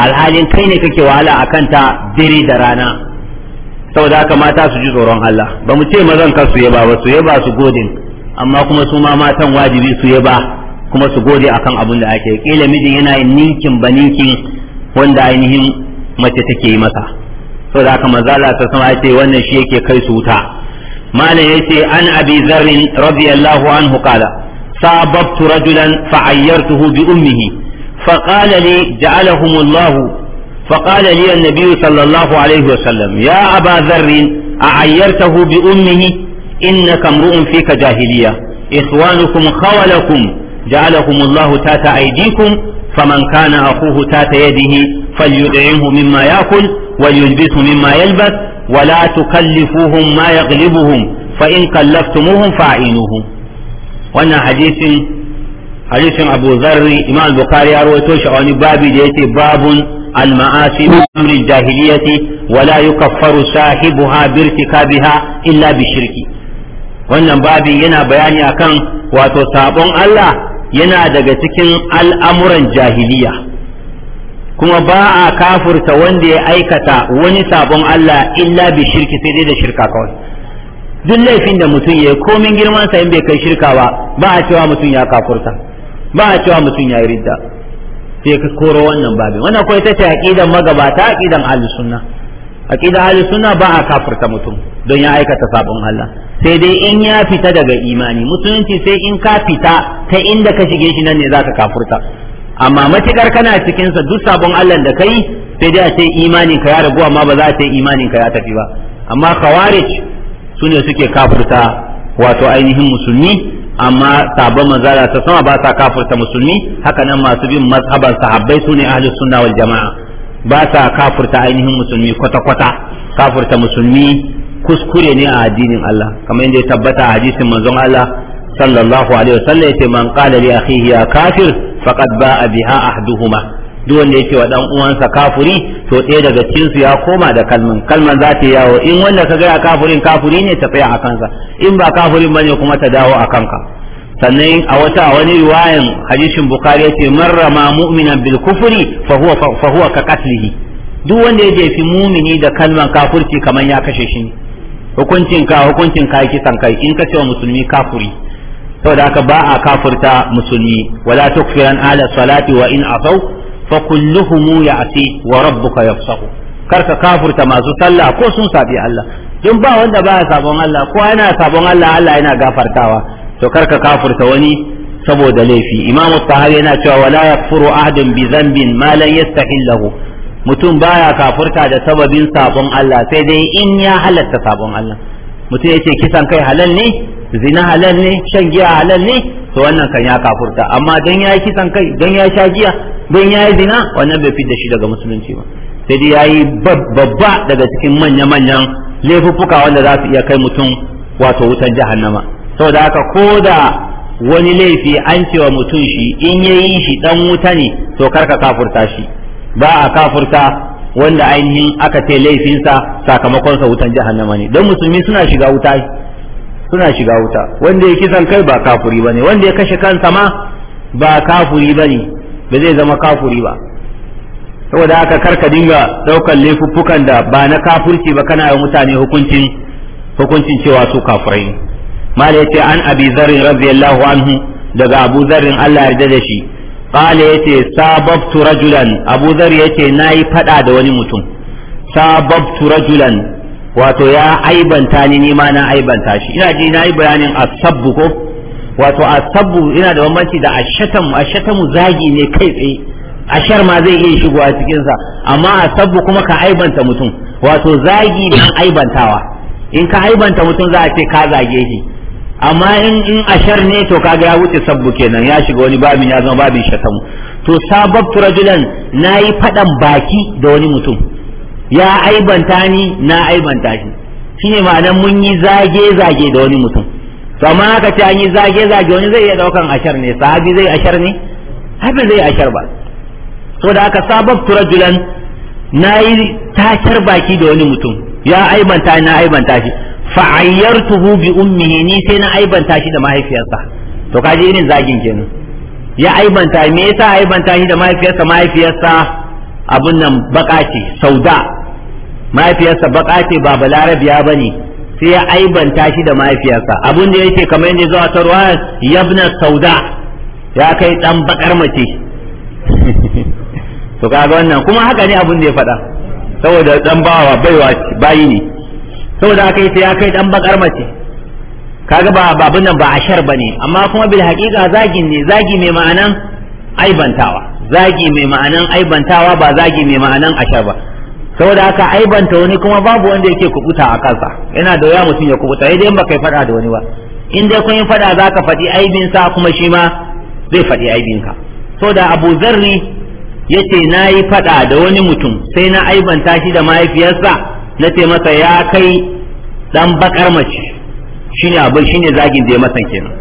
alhalin kai ne kake wahala akan ta dare da rana saboda haka mata su ji tsoron Allah ba mu ce mazan ka su yaba ba su yaba su godin amma kuma su ma matan wajibi su yaba kuma su gode akan abin da ake kila mijin yana yin ninkin ba ninkin wanda ainihin mace take yi masa saboda haka manzala ta sama ce wannan shi yake kai su wuta malam yace an abi zarin radiyallahu anhu qala sababtu rajulan fa'ayyartuhu bi ummihi فقال لي جعلهم الله فقال لي النبي صلى الله عليه وسلم يا أبا ذر أعيرته بأمه إنك امرؤ فيك جاهلية إخوانكم خولكم جعلهم الله تات أيديكم فمن كان أخوه تات يده فليدعمه مما يأكل وليلبسه مما يلبس ولا تكلفوهم ما يغلبهم فإن كلفتموهم فأعينوهم وأن حديث hadisin Abuzarri Zarri Imam al-Bukhari a wani babi da yake babun al-ma'asi min amri jahiliyati wa la yukaffaru illa bi shirki wannan babi yana bayani akan wato sabon Allah yana daga cikin al'amuran jahiliya kuma ba a kafurta wanda ya aikata wani sabon Allah illa bi shirki sai dai da shirka kawai duk laifin da mutum ya komin girman sa in bai kai shirka ba ba a cewa mutum ya kafurta ba a cewa mutum ya yi ridda sai ka koro wannan babi wannan kawai ta ce aqidan magabata aqidan ahlus sunna aqidan sunna ba a kafirta mutum don ya aikata sabon Allah sai dai in ya fita daga imani mutunci sai in ka fita ta inda ka shige shi nan ne za ka kafurta amma matuƙar kana cikinsa duk sabon Allah da kai sai dai a ce imanin ka ya ragu amma ba za a ce imanin ka ya tafi ba amma khawarij sune suke kafurta wato ainihin musulmi amma sabon manzala ta sama ba sa kafurta musulmi haka nan masu bin mazhaban sahabbai su ne ahli sunna wal jama'a ba sa kafurta ainihin musulmi kwata kwata kafurta musulmi kuskure ne a addinin Allah kamar yadda ya tabbata a hadisin manzon Allah sallallahu alaihi wasallam yace man qala li akhihi ya kafir faqad ba'a biha ahduhuma duk wanda yake wa dan uwansa kafuri to ɗaya daga cikin su ya koma da kalman kalman za ta yawo in wanda ka gaya kafurin kafuri ne ta tsaya a kansa in ba ba ne kuma ta dawo a kanka sannan a wata wani riwayan hadisin bukari yace marra ma mu'minan bil kufri fa huwa fa huwa ka qatlihi duk wanda ya jefi mumini da kalman kafurci kaman ya kashe shi ne hukuncin ka hukuncin ka kisan kai in ka cewa musulmi kafuri saboda haka ba a kafurta musulmi wala tukfiran ala salati wa in asaw fa kulluhum ya'ti wa rabbuka yafsahu karka kafurta masu sallah ko sun sabi Allah don ba wanda baya sabon Allah ko yana sabon Allah Allah yana gafartawa to kar ka kafurta wani saboda laifi imamu tahawi yana cewa wala yakfuru ahadun bi dhanbin ma lan mutum baya kafurta da sababin sabon Allah sai dai in ya halatta sabon Allah mutum ya ce kisan kai halal ne zina halal ne shan giya halal ne to wannan kan ya kafurta amma don ya kisan kai don ya sha giya don ya yi zina wannan bai fi da shi daga musulunci ba sai dai ya yi babba daga cikin manya-manyan laifuffuka wanda za su iya kai mutum wato wutan jahannama saboda haka ko da wani laifi an cewa mutum shi in ya yi shi dan wuta ne to karka kafurta shi ba a kafurta wanda ainihin aka ce laifinsa sakamakonsa wutan jahannama ne don musulmi suna shiga wuta suna shiga wuta wanda ya kisan kai ba kafuri bane wanda ya kashe kansa ma ba kafuri bane ba zai zama kafuri ba saboda haka karka dinga daukar laifuffukan da ba na kafurci ba kana yi mutane hukuncin hukuncin cewa su kafurai mal yace an abi zarrin radiyallahu anhu daga abu zarrin Allah yarda da shi qal yace sababtu rajulan abu zarri yace nayi fada da wani mutum sababtu rajulan wato ya aibanta ni nima na aibanta shi ina ji nayi bayanin asabbu ko wato a sabu ina da bambanci da ashatam ashatamu zagi ne kai tsaye ashar ma zai iya a cikin sa amma a sabu kuma ka aibanta mutum wato zagi ne aibantawa in ka aibanta mutum za a ce ka zage shi amma in in ashar ne to kaga ya wuce sabbu kenan ya shiga wani babin ya zama babin shatamu to sababtu rajulan nayi fadan baki da wani mutum ya aibanta ni na aibanta shi shine ma'anar mun yi zage zage da wani mutum to amma haka ce an yi zage zage wani zai iya daukan ashar ne sahabi zai ashar ne habi zai ashar ba so da aka sabab turajulan na yi tashar baki da wani mutum ya aibanta na aibanta shi fa'ayyartuhu bi ummihi ni sai na aibanta shi da mahaifiyarsa to kaji irin zagin kenan ya aibanta me yasa aibanta shi da mahaifiyarsa mahaifiyarsa abun nan baka ce sauda mahaifiyarsa baka ce ba balarabiya bane sai ya aibanta shi da mahaifiyarsa abun da yake kamar yadda zuwa ta ruwa yabna sauda ya kai dan bakar mace to kaga wannan kuma haka ne abun da ya faɗa saboda dan bawa baiwa bayi ne saboda akai sai ya kai dan bakar mace kaga ba babun nan ba ashar bane amma kuma bil haqiqa zagi ne zagi mai ma'anan aibantawa zagi mai ma'anan aibantawa ba zagi mai ma'anan ashar ba saboda haka aibanta wani kuma babu wanda yake kubuta a kansa yana da waya mutum ya kubuta idan dai in baka faɗa da wani ba in dai kun yi faɗa za ka faɗi aibin sa kuma shi ma zai faɗi aibin ka so da Abu Zarri yace na yi faɗa da wani mutum sai na aibanta shi da mahaifiyarsa na ce masa ya kai dan bakar mace shine abin shine zagin da ya masa kenan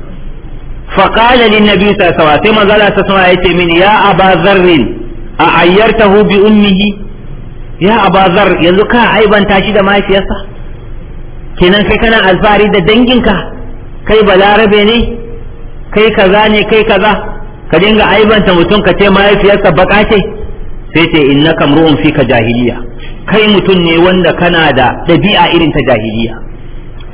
faqala lin nabi sallallahu alaihi wasallam sai manzo ta sama ya wasallam yace mini ya Aba Zarri a ayyartahu bi ummihi ya abazar yanzu ka aibanta shi da mahaifiyarsa kenan kai kana alfahari da danginka kai balarabe ne kai kaza ne kai kaza ka dinga aibanta mutum ka ce mahaifiyarsa baka ce sai ce innaka mru'un fika jahiliya kai mutum ne wanda kana da dabi'a irin ta jahiliya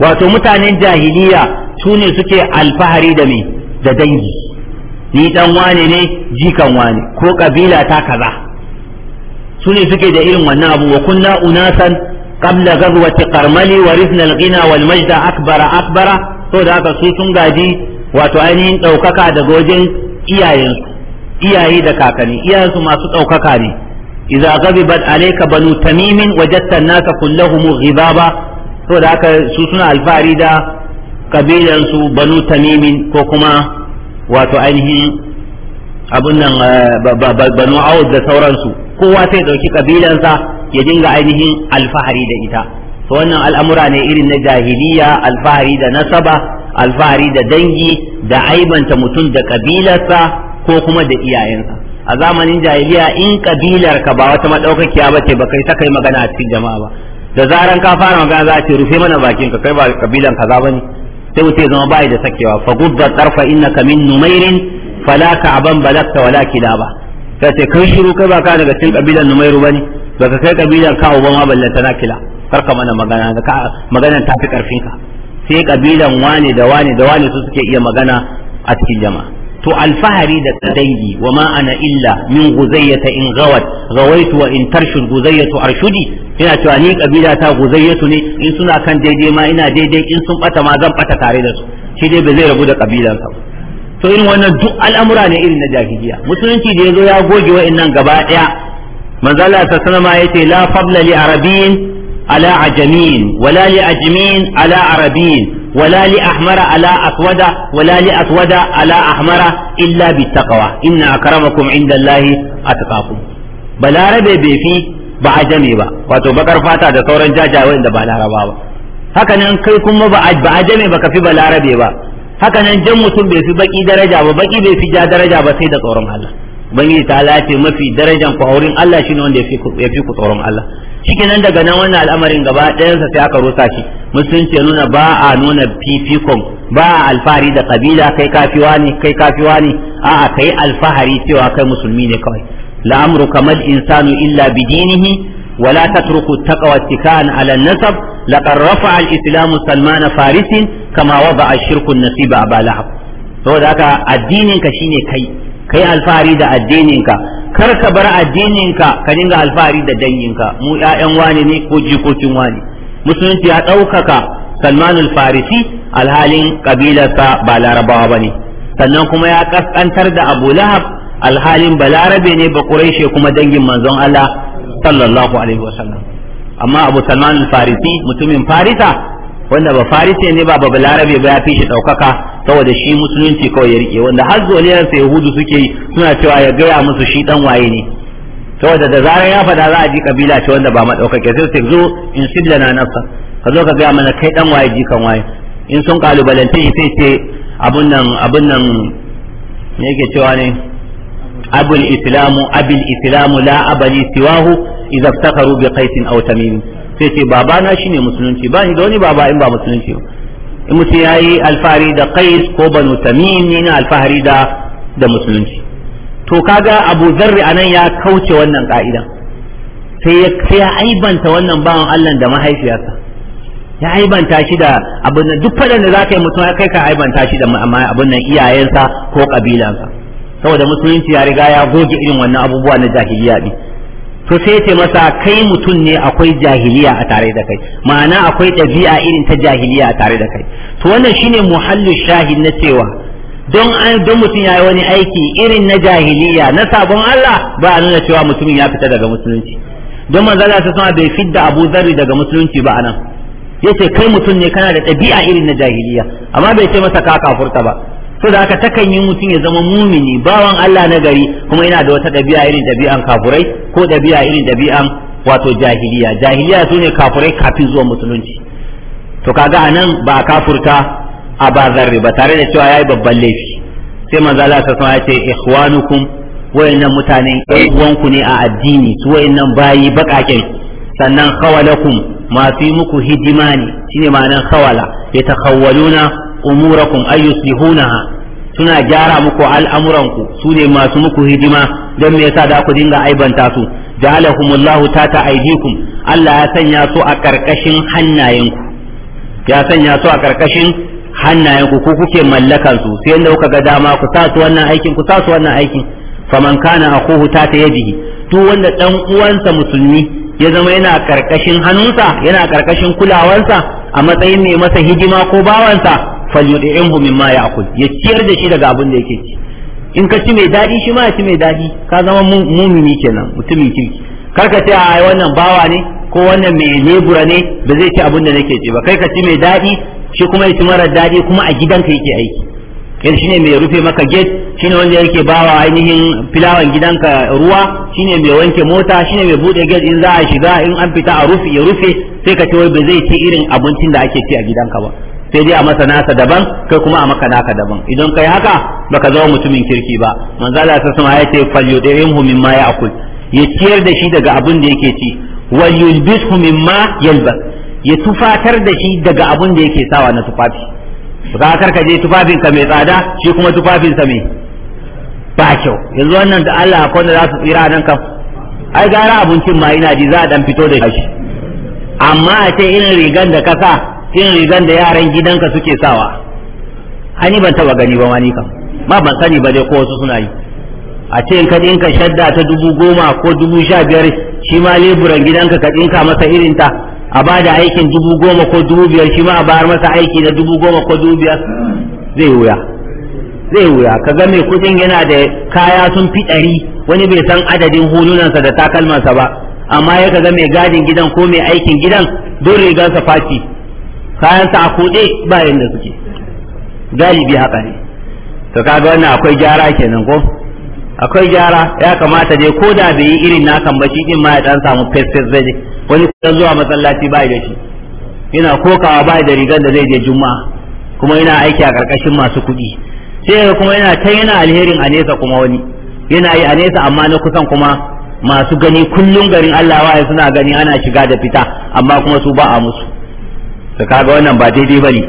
wato mutanen jahiliya su ne suke alfahari da me da dangi ni dan wane ne jikan wane ko kabila ta kaza su ne suke da irin wannan abu wa kunna unasan qabla ghazwati qarmali wa rizna al-ghina wal majda akbara akbara to da haka su sun gaji wato ainihin daukaka daga wajen iyayensu iyaye da kakanni iyayensu masu daukaka ne idza ghadibat alayka banu tamimin wajadta an-nasa kullahum ghibaba to da haka su suna alfahari da kabilansu banu tamimin ko kuma wato ainihin abun nan eh, banu aud da sauransu kowa sai dauki kabilansa ya dinga ainihin alfahari da ita to wannan al'amura ne irin na jahiliya alfahari da nasaba alfahari da dangi da aibanta mutum da kabilarsa ko kuma da iyayensa a zamanin jahiliya in kabilar ka ba wata madaukakiya ba ce ba kai ta kai magana a cikin jama'a ba da zaran ka fara magana za a ce rufe mana bakin ka kai ba kabilan kaza bane sai mutum ya zama bai da sakewa fa gudda tarfa innaka min numairin falaka ka aban balagta wala ba. ta ce kai shiru kai ba ka daga cikin kabilan numairu ba baka kai kabilan kawo ba ma ballanta tana kila kar ka mana magana da magana ta fi karfin ka sai kabilan wane da wane da wane su suke iya magana a cikin jama'a to alfahari da dangi wa ma ana illa min guzayyata in gawat gawaitu wa in tarshud guzayyatu arshudi ina cewa ni kabila ta guzayyatu ne in suna kan daidai ma ina daidai in sun bata ma zan bata tare da su shi dai ba zai rabu da kabilansa ba to irin wannan duk al'amura ne irin na jahiliya musulunci da yazo ya goge wa'annan gaba daya manzo Allah ta sanama yace la fadla li arabiyyin ala ajamin wala li ajmin ala arabiyyin wala li ahmara ala aswada wala li aswada ala ahmara illa bi taqwa inna akramakum inda Allahi atqakum balarabe bai fi ba ajami ba wato bakar fata da sauran jajaye wanda ba laraba ba haka nan kai kuma ba ajami ba ka fi balarabe ba haka nan jan mutum bai fi baki daraja ba baki bai fi ja daraja ba sai da tsoron Allah ubangiji ta lace mafi darajan ku aurin Allah shine wanda ya fi ku tsoron Allah nan daga nan wannan al'amarin gaba sa sai aka rusa shi musulunci nuna ba a nuna fifikon ba a alfahari da kabila kai kafiwa ne kai kafiwa ne a'a kai alfahari cewa kai musulmi ne kawai la'amru kamar insanu illa bidinihi wala tatruku taqwa tikan ala nasab laqad rafa'a al-islamu salmana farisin kama a shirkun nasiba aba lahab saboda haka addinin ka shine kai kai alfahari da addinin ka kar ka bar addinin ka ka dinga alfahari da danginka. ka mu ƴaƴan wani ne ko jikokin wani musulunci ya ɗaukaka salmanul farisi alhalin kabilarsa ba larabawa ba ne sannan kuma ya ƙasƙantar da abu lahab alhalin balarabe ne ba ƙuraishe kuma dangin manzon Allah sallallahu alaihi wasallam amma abu salman farisi mutumin farisa wanda ba farisi ne ba ba larabe ba ya fishi shi ɗaukaka saboda shi musulunci kawai ya rike wanda har zoliyar sa yahudu suke suna cewa ya gaya musu shi dan waye ne saboda da zarar ya fada za a ji kabila ce wanda ba maɗaukake sai su zo in sillana nafsa ka zo ka gaya mana kai dan waye ji waye in sun kalubalance shi sai ce abun nan abun nan me yake cewa ne abul islamu abil islamu la abali siwahu idza iftakaru bi qaisin aw tamim sai ce babana shine musulunci ba ni da wani baba in ba musulunci ba in mutum ya yi alfahari da qais ko banu tamim ni na alfahari da da musulunci to kaga abu zarri anan ya kauce wannan ka'idan sai ya sai ya aibanta wannan bawan Allah da mahaifiyarsa ya aibanta shi da abin nan duk fadan da zaka yi mutum ya kai ka aibanta shi da abin nan iyayensa ko kabilansa saboda musulunci ya riga ya goge irin wannan abubuwa na jahiliya ne to sai ce masa kai mutum ne akwai jahiliya a tare da kai ma'ana akwai ɗabi'a irin ta jahiliya a tare da kai to wannan shine muhallu shahid na cewa don an don mutum yayi wani aiki irin na jahiliya na sabon Allah ba a nuna cewa mutumin ya fita daga musulunci don manzo ta sama bai fidda Abu Zarri daga musulunci ba anan yace kai mutum ne kana da ɗabi'a irin na jahiliya amma bai ce masa ka kafurta ba so da aka takan yi mutum ya zama mumini bawan Allah na gari kuma yana da wata ɗabi'a irin ɗabi'an kafurai ko ɗabi'a irin ɗabi'an wato jahiliya jahiliya sune kafurai kafin zuwa musulunci to kaga anan ba a kafurta a bazarri ba tare da cewa yayi babban laifi sai manzo Allah ta sama ce ikhwanukum wayannan mutane uwanku ne a addini su wayannan bayi baƙaƙen sannan khawalakum masu yi muku hidima ne shine ma'anan khawala yatakhawwaluna umurakum ay yuslihunaha suna gyara muku al'amuranku su ne masu muku hidima don me yasa da ku dinga aibanta su ja'alahumullahu tata aidikum Allah ya sanya su a karkashin hannayenku ya sanya su a karkashin hannayenku ku kuke mallakan su sai da kuka ga dama ku sa su wannan aikin ku sa su wannan aikin faman kana akuhu tata yadihi duk wanda dan uwansa musulmi ya zama yana karkashin hannunsa yana karkashin kulawansa a matsayin mai masa hidima ko bawansa falyudi'inhu mimma ya'kul ya ciyar da shi daga abin da yake ci in ka ci mai daɗi shi ma ya ci mai daɗi ka zama mumini kenan mutumin kirki kar ka ce a wannan bawa ne ko wannan mai lebura ne ba zai ci abin da nake ci ba kai ka ci mai daɗi shi kuma ya ci mara daɗi kuma a gidan gidanka yake aiki kai shine mai rufe maka gate shine wanda yake bawa ainihin filawan gidanka ruwa shine mai wanke mota shine mai bude gate in za a shiga in an fita a rufe ya rufe sai ka ce wai ba zai ci irin abincin da ake ci a gidanka ba sai dai a masa nasa daban kai kuma a maka naka daban idan kai haka baka zama mutumin kirki ba manzo Allah ta sama yace falyudirhum mimma ya'kul ya ciyar da shi daga abin da yake ci wal yulbishu mimma yalba ya tufatar da shi daga abin da yake sawa na tufafi ka karka je tufafin ka mai tsada shi kuma tufafin sa mai ba kyau yanzu wannan da Allah ko da za su tsira nan kan ai gara abincin ma ina ji za a dan fito da shi amma a ce irin rigan da ka sa shin rigan da yaran gidanka suke sawa hani ban taba gani ba ma ni kam ma ban sani ba dai ko wasu suna yi a ce in ka dinka shadda ta dubu goma ko dubu sha biyar shi ma leburan gidanka ka dinka masa irin ta a ba da aikin dubu goma ko dubu biyar shi ma a bayar masa aiki na dubu goma ko dubu biyar zai wuya zai wuya ka ga mai kudin yana da kaya sun fi ɗari wani bai san adadin hulunansa da takalmansa ba amma ya ka ga mai gadin gidan ko mai aikin gidan don rigarsa fati. kayan sa a kuɗe ba yadda suke galibi haka ne to kaga wannan akwai gyara kenan ko akwai gyara ya kamata dai ko da bai yi irin na kan shi din ma ya dan samu fesfes zai wani kusan zuwa masallaci ba da shi yana kokawa ba da rigar da zai je juma'a kuma yana aiki a karkashin masu kuɗi sai kuma yana ta yana alherin a nesa kuma wani yana yi a nesa amma na kusan kuma masu gani kullum garin Allah wa'ai suna gani ana shiga da fita amma kuma su ba a musu Ka kaga wannan ba daidai bane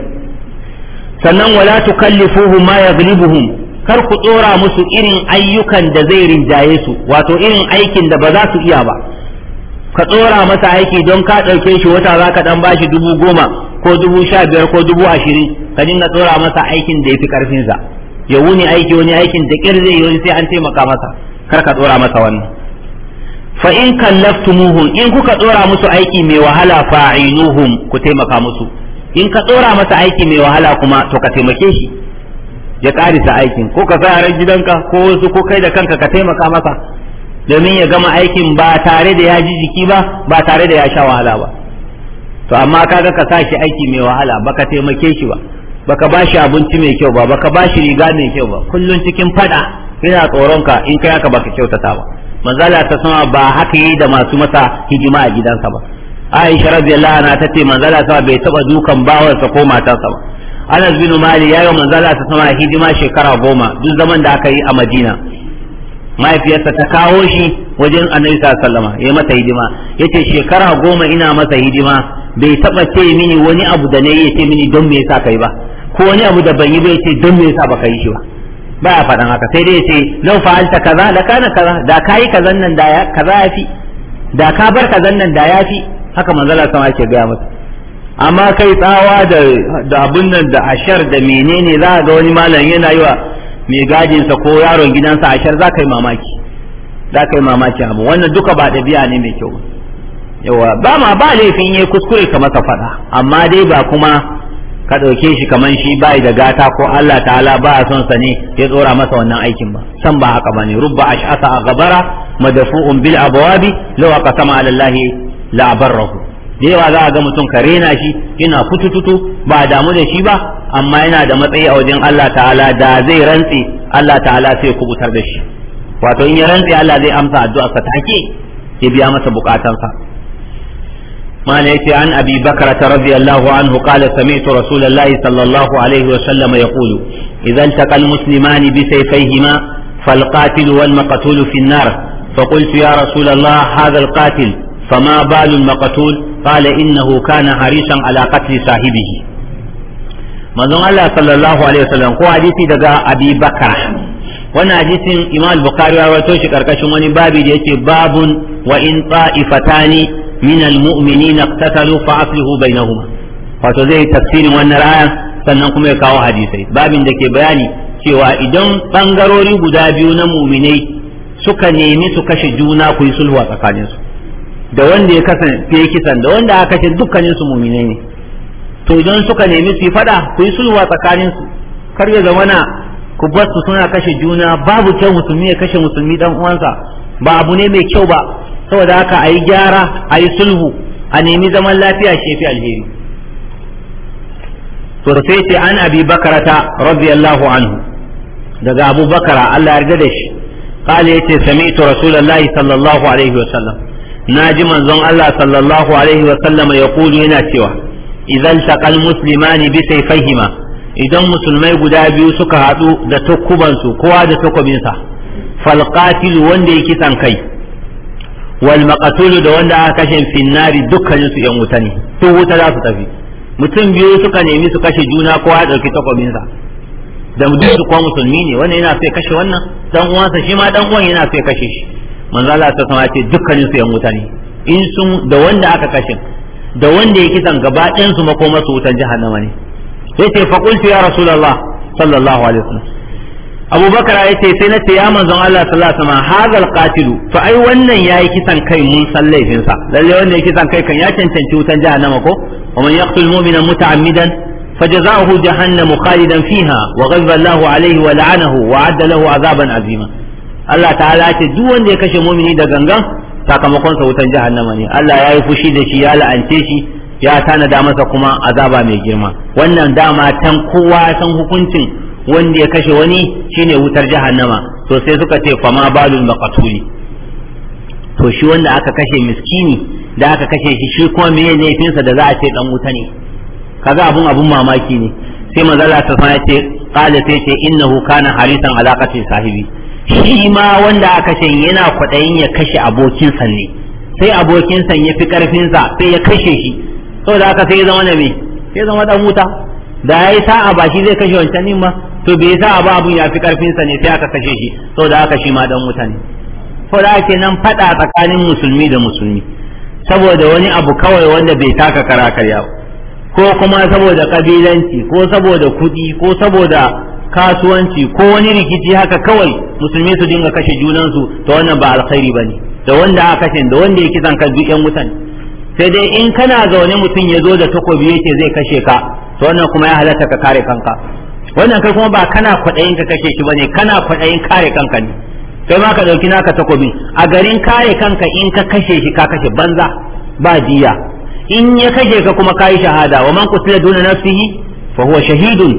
sannan wala tukallifuhum ma yaghlibuhum kar ku tsora musu irin ayyukan da zai rinjaye su wato irin aikin da ba za su iya ba ka tsora masa aiki don ka ɗauke shi wata za ka ɗan bashi dubu goma ko dubu sha biyar ko dubu ashirin ka dinga tsora masa aikin da ya fi ƙarfinsa ya wuni aiki wani aikin da ƙir zai sai an taimaka masa kar ka tsora masa wannan fa in kallaftumuhum in kuka dora musu aiki mai wahala fa ainuhum ku taimaka musu in ka dora masa aiki mai wahala kuma to ka taimake shi ya karisa aikin ko ka sa ran gidanka ko wasu ko kai da kanka ka taimaka masa domin ya gama aikin ba tare da ya ji jiki ba ba tare da ya sha wahala ba to amma kaga ka sa shi aiki mai wahala baka taimake shi ba baka ba shi abinci mai kyau ba baka ba shi riga mai kyau ba kullun cikin fada ina tsoron ka in kai haka baka kyautata ba manzala ta sama ba haka yi da masu masa hijima a gidansa ba Aisha radiyallahu anha ce manzala ta bai taba dukan bawansa ko matarsa ba Anas bin Mali ya yi manzala ta sama hijima shekara goma duk zaman da aka yi a Madina mahaifiyarsa ta kawo shi wajen annabi sallama ya mata hidima yace shekara goma ina masa hidima bai taba ce mini wani abu da ne yace mini don me yasa kai ba ko wani abu da ban yi ba yace don me yasa baka yi shi ba ba ya faɗan haka sai dai ce lau fa'alta kaza da kana kaza da kai kazan nan da ya kaza fi da ka bar kazan nan da ya fi haka manzala sama yake gaya masa amma kai tsawa da da abun nan da ashar da menene za ga wani malam yana yi wa mai gadinsa ko yaron gidansa ashar za ka yi mamaki za ka yi mamaki abu wannan duka ba ɗabi'a ne mai kyau yawa ba ma ba laifin yayi kuskure ka masa faɗa amma dai ba kuma ka ɗauke shi kamar shi bai da gata ko Allah ta'ala ba a son sa ne ya tsora masa wannan aikin ba san ba haka bane rubba ash'asa a gabara madafu'un bil abwabi law aqsama ala Allah la da yawa za a ga mutum ka rena shi yana kutututu ba a damu da shi ba amma yana da matsayi a wajen Allah ta'ala da zai rantse Allah ta'ala sai kubutar da shi wato in ya rantse Allah zai amsa addu'arsa take ya biya masa bukatansa ما نيتي عن أبي بكرة رضي الله عنه قال سمعت رسول الله صلى الله عليه وسلم يقول إذا التقى المسلمان بسيفيهما فالقاتل والمقتول في النار فقلت يا رسول الله هذا القاتل فما بال المقتول قال إنه كان حريصا على قتل صاحبه manzon Allah sallallahu alaihi wasallam ko hadisi daga Abi Bakar wannan hadisin Imam Bukhari ya rawaito shi karkashin wani babi da yake babun wa in ta'ifatani min almu'minina iqtatalu fa aslihu bainahuma wato zai tafsirin wannan raya sannan kuma ya kawo hadisai babin da ke bayani cewa idan bangarori guda biyu na mu'minai suka nemi su kashe juna ku yi sulhu a tsakaninsu da wanda ya kasance kisan da wanda aka kashe dukkanin su mu'minai ne to idan suka nemi su yi fada ku yi sulhu a tsakaninsu kar ya zamana ku bar su suna kashe juna babu kyau musulmi ya kashe musulmi dan uwansa ba abu ne mai kyau ba saboda haka a yi gyara a yi sulhu a nemi zaman lafiya shi fi alheri to da sai ce an abi bakarata radiyallahu anhu daga abu bakara Allah ya da shi kala yace sami'tu rasulullahi sallallahu alaihi wa sallam ji manzon Allah sallallahu alaihi wa sallam ya kulu yana cewa idan taqal musulmani bi sai fahima idan musulmai guda biyu suka haɗu da takubansu kowa da takobinsa falqatil wanda yake san kai wal maqtul da wanda aka kashe finnari dukkanin su yan wuta ne to wuta za su tafi mutum biyu suka nemi su kashe juna ko ya dauki takobin sa da mutum su kuma musulmi ne wannan yana sai kashe wannan dan uwansa shi ma dan uwan yana sai kashe shi manzo Allah ta sama ce dukkanin su yan wuta ne in sun da wanda aka kashe da wanda ya kisan gaba ɗayan su makoma su wutan jahannama ne sai ce faqultu ya rasulullah sallallahu alaihi wasallam Abubakar ya ce sai na ce ya manzon Allah sallallahu alaihi hazal qatilu to ai wannan yayi kisan kai mun san laifin sa lalle wanda yake kisan kai kan ya cancanci wutan jahannama ko wa man yaqtul mu'mina muta'ammidan fajaza'uhu jahannamu khalidan fiha wa ghadiba Allahu alaihi wa la'anahu wa 'adda lahu 'azaban 'azima Allah ta'ala ce duk wanda ya kashe mu'mini da gangan sakamakon sa wutan jahannama ne Allah ya yi fushi da shi ya la'ance shi ya tanada masa kuma azaba mai girma wannan dama tan kowa san hukuncin wanda ya kashe wani shine wutar jahannama to sai suka ce fama balul maqtuli to shi wanda aka kashe miskini da aka kashe shi shi kuma meye finsa da za a ce dan wuta ne kaga abun abun mamaki ne sai manzala ta fara ce qala sai ce innahu kana harisan alaqati sahibi shi ma wanda aka kashe yana kwadayin ya kashe abokinsa ne sai abokinsa ya fi sa sai ya kashe shi saboda haka sai ya zama ne sai zama dan wuta da ya yi sa'a ba shi zai kashe wancan din ma to bai sa ba abun ya fi karfin sa ne sai aka kashe shi da aka shi ma dan mutane da ake nan fada tsakanin musulmi da musulmi saboda wani abu kawai wanda bai taka kara karya ko kuma saboda kabilanci ko saboda kuɗi ko saboda kasuwanci ko wani rikici haka kawai musulmi su dinga kashe junansu to wannan ba alkhairi bane da wanda aka kashe da wanda ya kisan kan duk yan mutane sai dai in kana zaune mutum ya zo da takobi yake zai kashe ka to wannan kuma ya halatta ka kare kanka wannan kai kuma ba kana kwaɗayin ka kashe shi bane kana kwaɗayin kare kanka ne kai ma ka ɗauki naka takobi a garin kare kanka in ka kashe shi ka kashe banza ba diya in ya kashe ka kuma kai shahada wa man qutila duna nafsihi fa huwa shahidun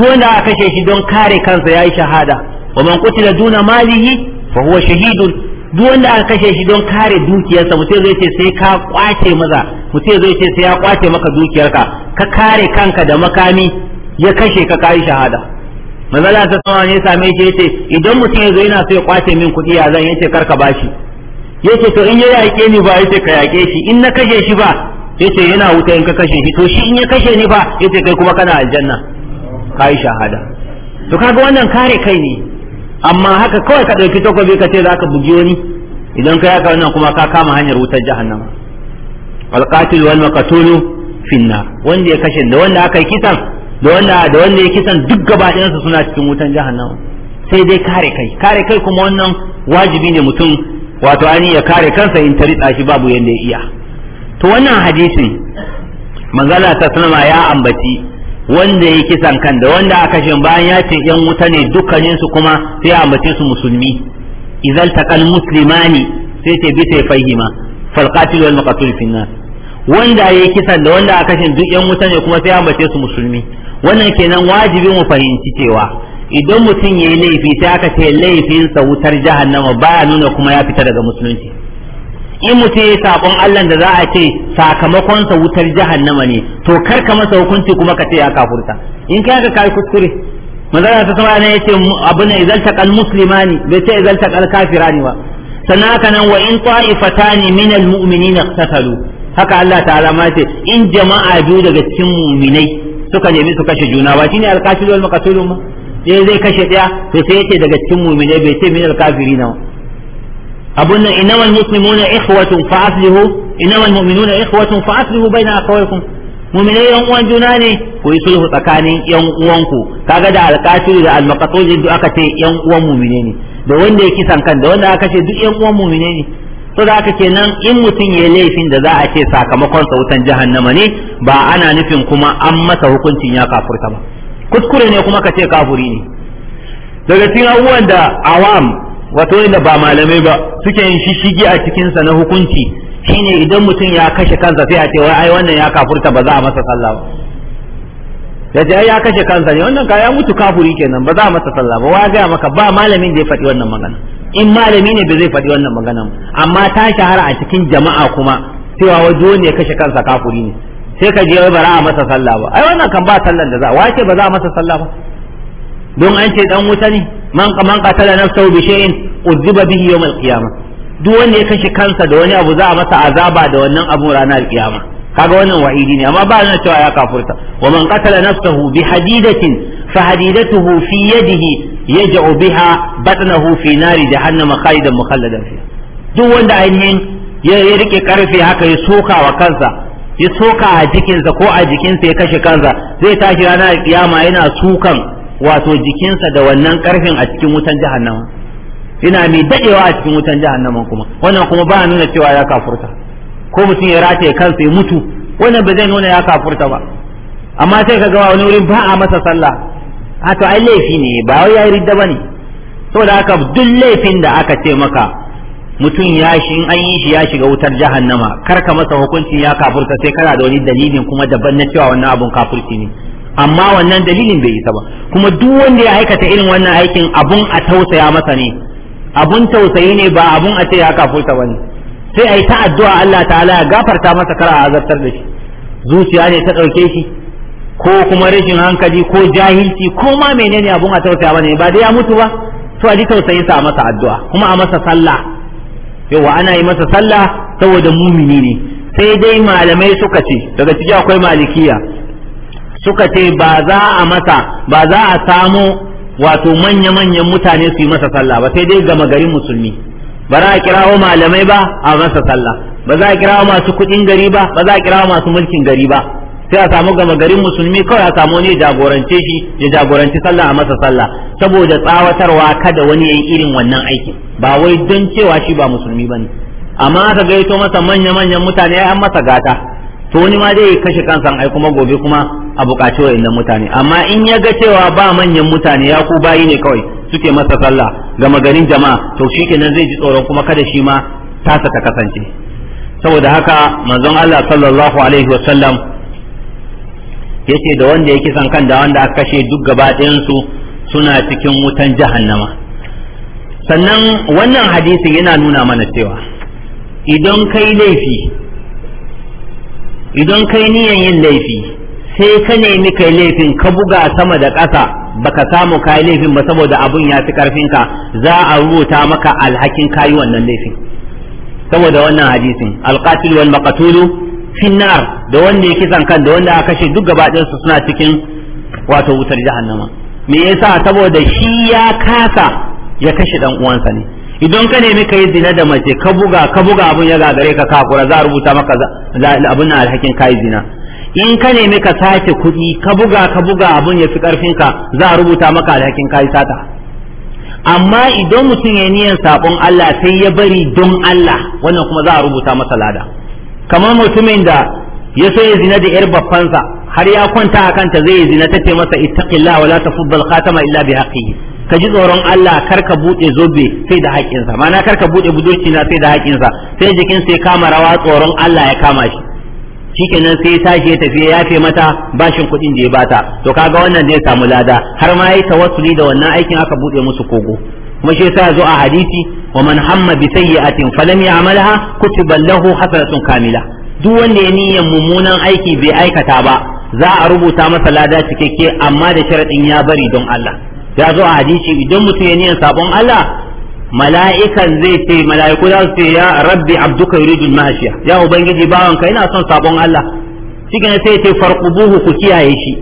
dole a kashe shi don kare kansa yayi shahada wa man qutila duna malihi fa huwa shahidun duk wanda aka kashe shi don kare dukiyarsa mutum zai ce sai ka kwace maza mutum zai ce sai ya kwace maka dukiyarka ka kare kanka da makami ya kashe ka kai shahada manzala ta sama ne same shi yace idan mutum ya zo yana so ya kwace min kuɗi ya zan yace karka bashi yace to in ya yaƙe ni ba yace ka yaƙe shi in na kashe shi ba yace yana wuta in ka kashe shi to shi in ya kashe ni ba yace kai kuma kana aljanna kai shahada to kaga wannan kare kai ne amma haka kawai ka ɗauki takobi ka ce za ka bugi wani idan ka yaka wannan kuma ka kama hanyar wutar jahannama alqatil wal maqtulu finna wanda ya kashe da wanda aka yi kisan da wanda da wanda yake kisan duk gaba ɗayansu suna cikin wutan jahannama sai dai kare kai kare kai kuma wannan wajibi ne mutum wato ani ya kare kansa in tari shi babu yanda ya iya to wannan hadisi manzala ta Sanama ya ambaci wanda ya kisan kan da wanda aka kashe bayan ya ce yan wuta ne dukkanin su kuma sai ya ambace su musulmi idan taqal muslimani sai ce bi sai fahima fal qatil wal maqtul fi wanda ya kisan da wanda aka kashe duk yan wuta ne kuma sai ya ambace su musulmi wannan kenan wajibi mu fahimci cewa idan mutum yayi laifi sai aka ce laifinsa wutar jahannama baya nuna kuma ya fita daga musulunci in mutum yayi sakon Allah da za a ce sakamakonsa wutar jahannama ne to kar ka masa hukunci kuma ka ce ya kafurta in kai ka kai kuskure manzara ta sama ne yace abuna idan taqal muslimani bai ce idan taqal kafirani ba sannan haka nan wa in ta'ifatani min almu'minina iqtatalu haka Allah ta'ala ma ce in jama'a biyu daga cikin mu'minai suka nemi su kashe juna ba shine alkafiru wal maqtulu ma sai zai kashe daya to sai yace daga cikin mu'mine bai ce min alkafiri na abun nan inna wal muslimuna ikhwatun fa aslihu inna wal mu'minuna ikhwatun fa aslihu baina aqwaikum mu'mine yan uwan juna ne ku yi sulhu tsakanin yan uwanku kaga da alkafiru da al maqtulu duk aka ce yan uwan mu'mine ne da wanda yake kisan kan da wanda aka ce duk yan uwan mu'mine ne so da aka kenan in mutum ya laifin da za a ce sakamakon sa wutan jahannama ne ba ana nufin kuma an masa hukuncin ya kafurta ba kuskure ne kuma ka ce kafuri ne daga cikin abubuwan da awam wato inda ba malamai ba suke yin shishigi a cikin sa na hukunci shine idan mutum ya kashe kansa sai a ce wai ai wannan ya kafurta ba za a masa sallah ba da ji ya kashe kansa ne wannan ka ya mutu kafuri kenan ba za a masa sallah ba wa ga maka ba malamin da ya faɗi wannan magana in malami ne ba zai faɗi wannan maganan amma ta shahara a cikin jama'a kuma cewa wajo ne ya kashe kansa kafuri ne sai ka je wai ba a masa sallah ba ai wannan kan ba sallan da za wace ba za a masa sallah ba don an ce dan wuta ne man man qatala nafsahu bi shay'in uziba bihi yawm al-qiyamah duk wanda ya kashe kansa da wani abu za a masa azaba da wannan abu ranar kiyama kaga wannan wa'idi ne amma ba na cewa ya kafurta wa man qatala nafsahu bi hadidatin fa hadidatuhu fi yadihi yaj'u biha batnahu fi nari jahannama khalidan mukhalladan fi duk wanda ainihin ya rike karfe haka ya soka wa kansa ya soka a jikinsa ko a jikinsa ya kashe kansa zai tashi ranar kiyama yana sukan wato jikinsa da wannan karfin a cikin wutan jahannama ina mai dadewa a cikin wutan jahannama kuma wannan kuma ba nuna cewa ya kafurta ko mutum ya rataye kansa ya mutu wannan ba zai nuna ya kafurta ba amma sai kaga wani wurin ba a masa sallah a to ai laifi ne ba wai ya ridda bane saboda haka duk laifin da aka ce maka mutum ya shi in an yi shi ya shiga wutar jahannama kar ka masa hukunci ya kafurta sai kana da wani dalilin kuma daban na cewa wannan abun kafurci ne amma wannan dalilin bai isa ba kuma duk wanda ya aikata irin wannan aikin abun a tausaya masa ne abun tausayi ne ba abun a ce ya kafurta bane sai ai ta addu'a Allah ta'ala ya gafarta masa kar a azabtar da shi zuciya ne ta dauke shi ko kuma rashin hankali ko jahilci ko ma menene abun a tausaya bane ba dai ya mutu ba to a ji tausayin sa a masa addu'a kuma a masa sallah yawa ana yi masa sallah saboda mumini ne sai dai malamai suka ce daga ciki akwai malikiya suka ce ba za a masa ba za a samo wato manya-manyan mutane su yi masa sallah ba sai dai gama garin musulmi ba za a kirawo malamai ba a masa sallah ba za a kirawo masu kuɗin gari ba ba za a kirawo masu mulkin gari ba sai a samu gama garin musulmi kawai a samu ne jagorance shi ya jagoranci sallah a masa sallah saboda tsawatarwa kada wani ya yi irin wannan aikin ba wai don cewa shi ba musulmi bane amma aka gaito masa manya manyan mutane ya an masa gata to wani ma zai kashe kansa ai kuma gobe kuma a bukaci wa'annan mutane amma in ya ga cewa ba manyan mutane ya ku bayi ne kawai suke masa sallah gama garin jama'a to shikenan zai ji tsoron kuma kada shi ma tasa ta kasance saboda haka manzon Allah sallallahu alaihi wasallam yace da wanda ya kisan kan da wanda aka kashe duk gaba su suna cikin wutan jahannama sannan wannan hadisin yana nuna mana cewa idan kai laifi idan kai niyan yin laifi sai ka nemi kai laifin ka buga sama da ƙasa baka samu kai laifin ba saboda abun ya fi karfinka za a rubuta maka alhakin kayi wannan laifin saboda wannan hadisin alqatil wal maqtulu finnar da wanda ya kisan kan da wanda aka kashe duk gaba su suna cikin wato wutar jahannama me yasa saboda shi ya kasa ya kashe dan uwansa ne idan ka nemi kai zina da mace ka buga ka buga abun ya gagare ka kafura za a rubuta maka abun alhakin kai zina in ka nemi ka sace kuɗi ka buga ka buga abun ya fi karfin ka za a rubuta maka alhakin kai sata amma idan mutum ya niyan sabon Allah sai ya bari don Allah wannan kuma za a rubuta masa lada kamar mutumin da ya so ya zina da yar babbansa har ya kwanta a kanta zai zina ta ce masa ittaqillah wala tafuddal khatama illa bi haqqihi ka ji tsoron Allah kar ka bude zobe sai da haƙinsa mana kar ka bude budurci na sai da haƙinsa sai jikin sai kama rawa tsoron Allah ya kama shi shikenan sai ya tashi ya tafi ya yafe mata bashin kuɗin da ya bata to kaga wannan zai samu lada har ma yayi tawassuli da wannan aikin aka bude musu kogo kuma shi yasa zo a hadisi wa man hamma bi sayyi'atin falam ya'malha kutiba lahu hasanatun kamila duk wanda ya niyyar mummunan aiki bai aikata ba za a rubuta masa lada cikakke amma da sharadin ya bari don Allah ya zo a hadisi idan mutum ya niyan sabon Allah mala'ikan zai ce mala'iku za su ce ya rabbi abduka yuridu mahashiya ya ubangiji bawanka ina son sabon Allah cikin sai ce farqubuhu ku kiyaye shi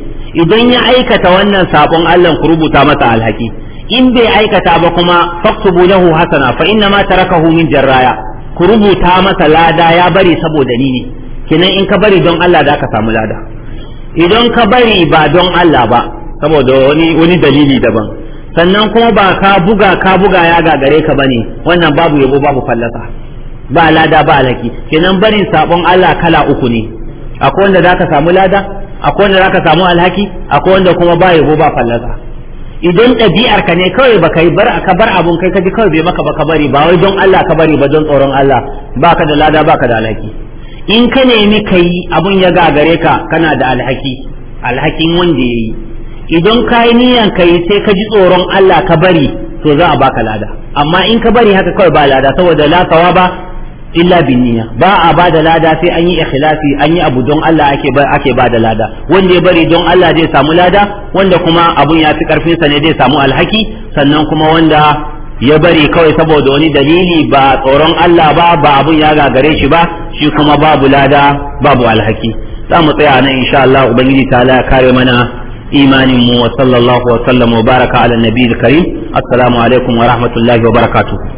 idan ya aikata wannan sabon Allah ku rubuta masa alhaki in bai aikata ba kuma faktubu lahu hasana fa inna ma tarakahu min jarraya ku rubuta masa lada ya bari saboda ni ne kinan in ka bari don Allah da ka samu lada idan ka bari ba don Allah ba saboda wani wani dalili daban sannan kuma ba ka buga ka buga ya gagare ka bane wannan babu yabo babu fallasa ba lada ba alaki kinan barin sabon Allah kala uku ne akwai wanda zaka samu lada akwai wanda zaka samu alhaki akwai wanda kuma ba yabo ba fallasa idan ɗabi'ar ka ne kawai baka yi bar ka bar abun kai ka ji kawai bai maka baka bari ba wai don Allah ka bari ba don tsoron Allah baka da lada baka da alhaki in ka nemi ka yi abun ya gagare ka kana da alhaki alhakin wanda ya yi idan ka yi niyan ka yi sai ka ji tsoron Allah ka bari to za a baka lada amma in ka bari haka kawai ba lada saboda la sawaba illa bin niyya ba a ba da lada sai an yi ikhlasi an yi abu don Allah ake ba ake ba da lada wanda ya bari don Allah zai samu lada wanda kuma abun ya fi karfin sa ne zai samu alhaki sannan kuma wanda ya bari kawai saboda wani dalili ba tsoron Allah ba ba abun ya gagare shi ba shi kuma babu lada babu alhaki za mu tsaya nan insha Allah ubangiji ta ya kare mana imanin mu wa sallallahu wa sallam wa baraka ala nabiyil karim assalamu alaikum wa rahmatullahi wa barakatuh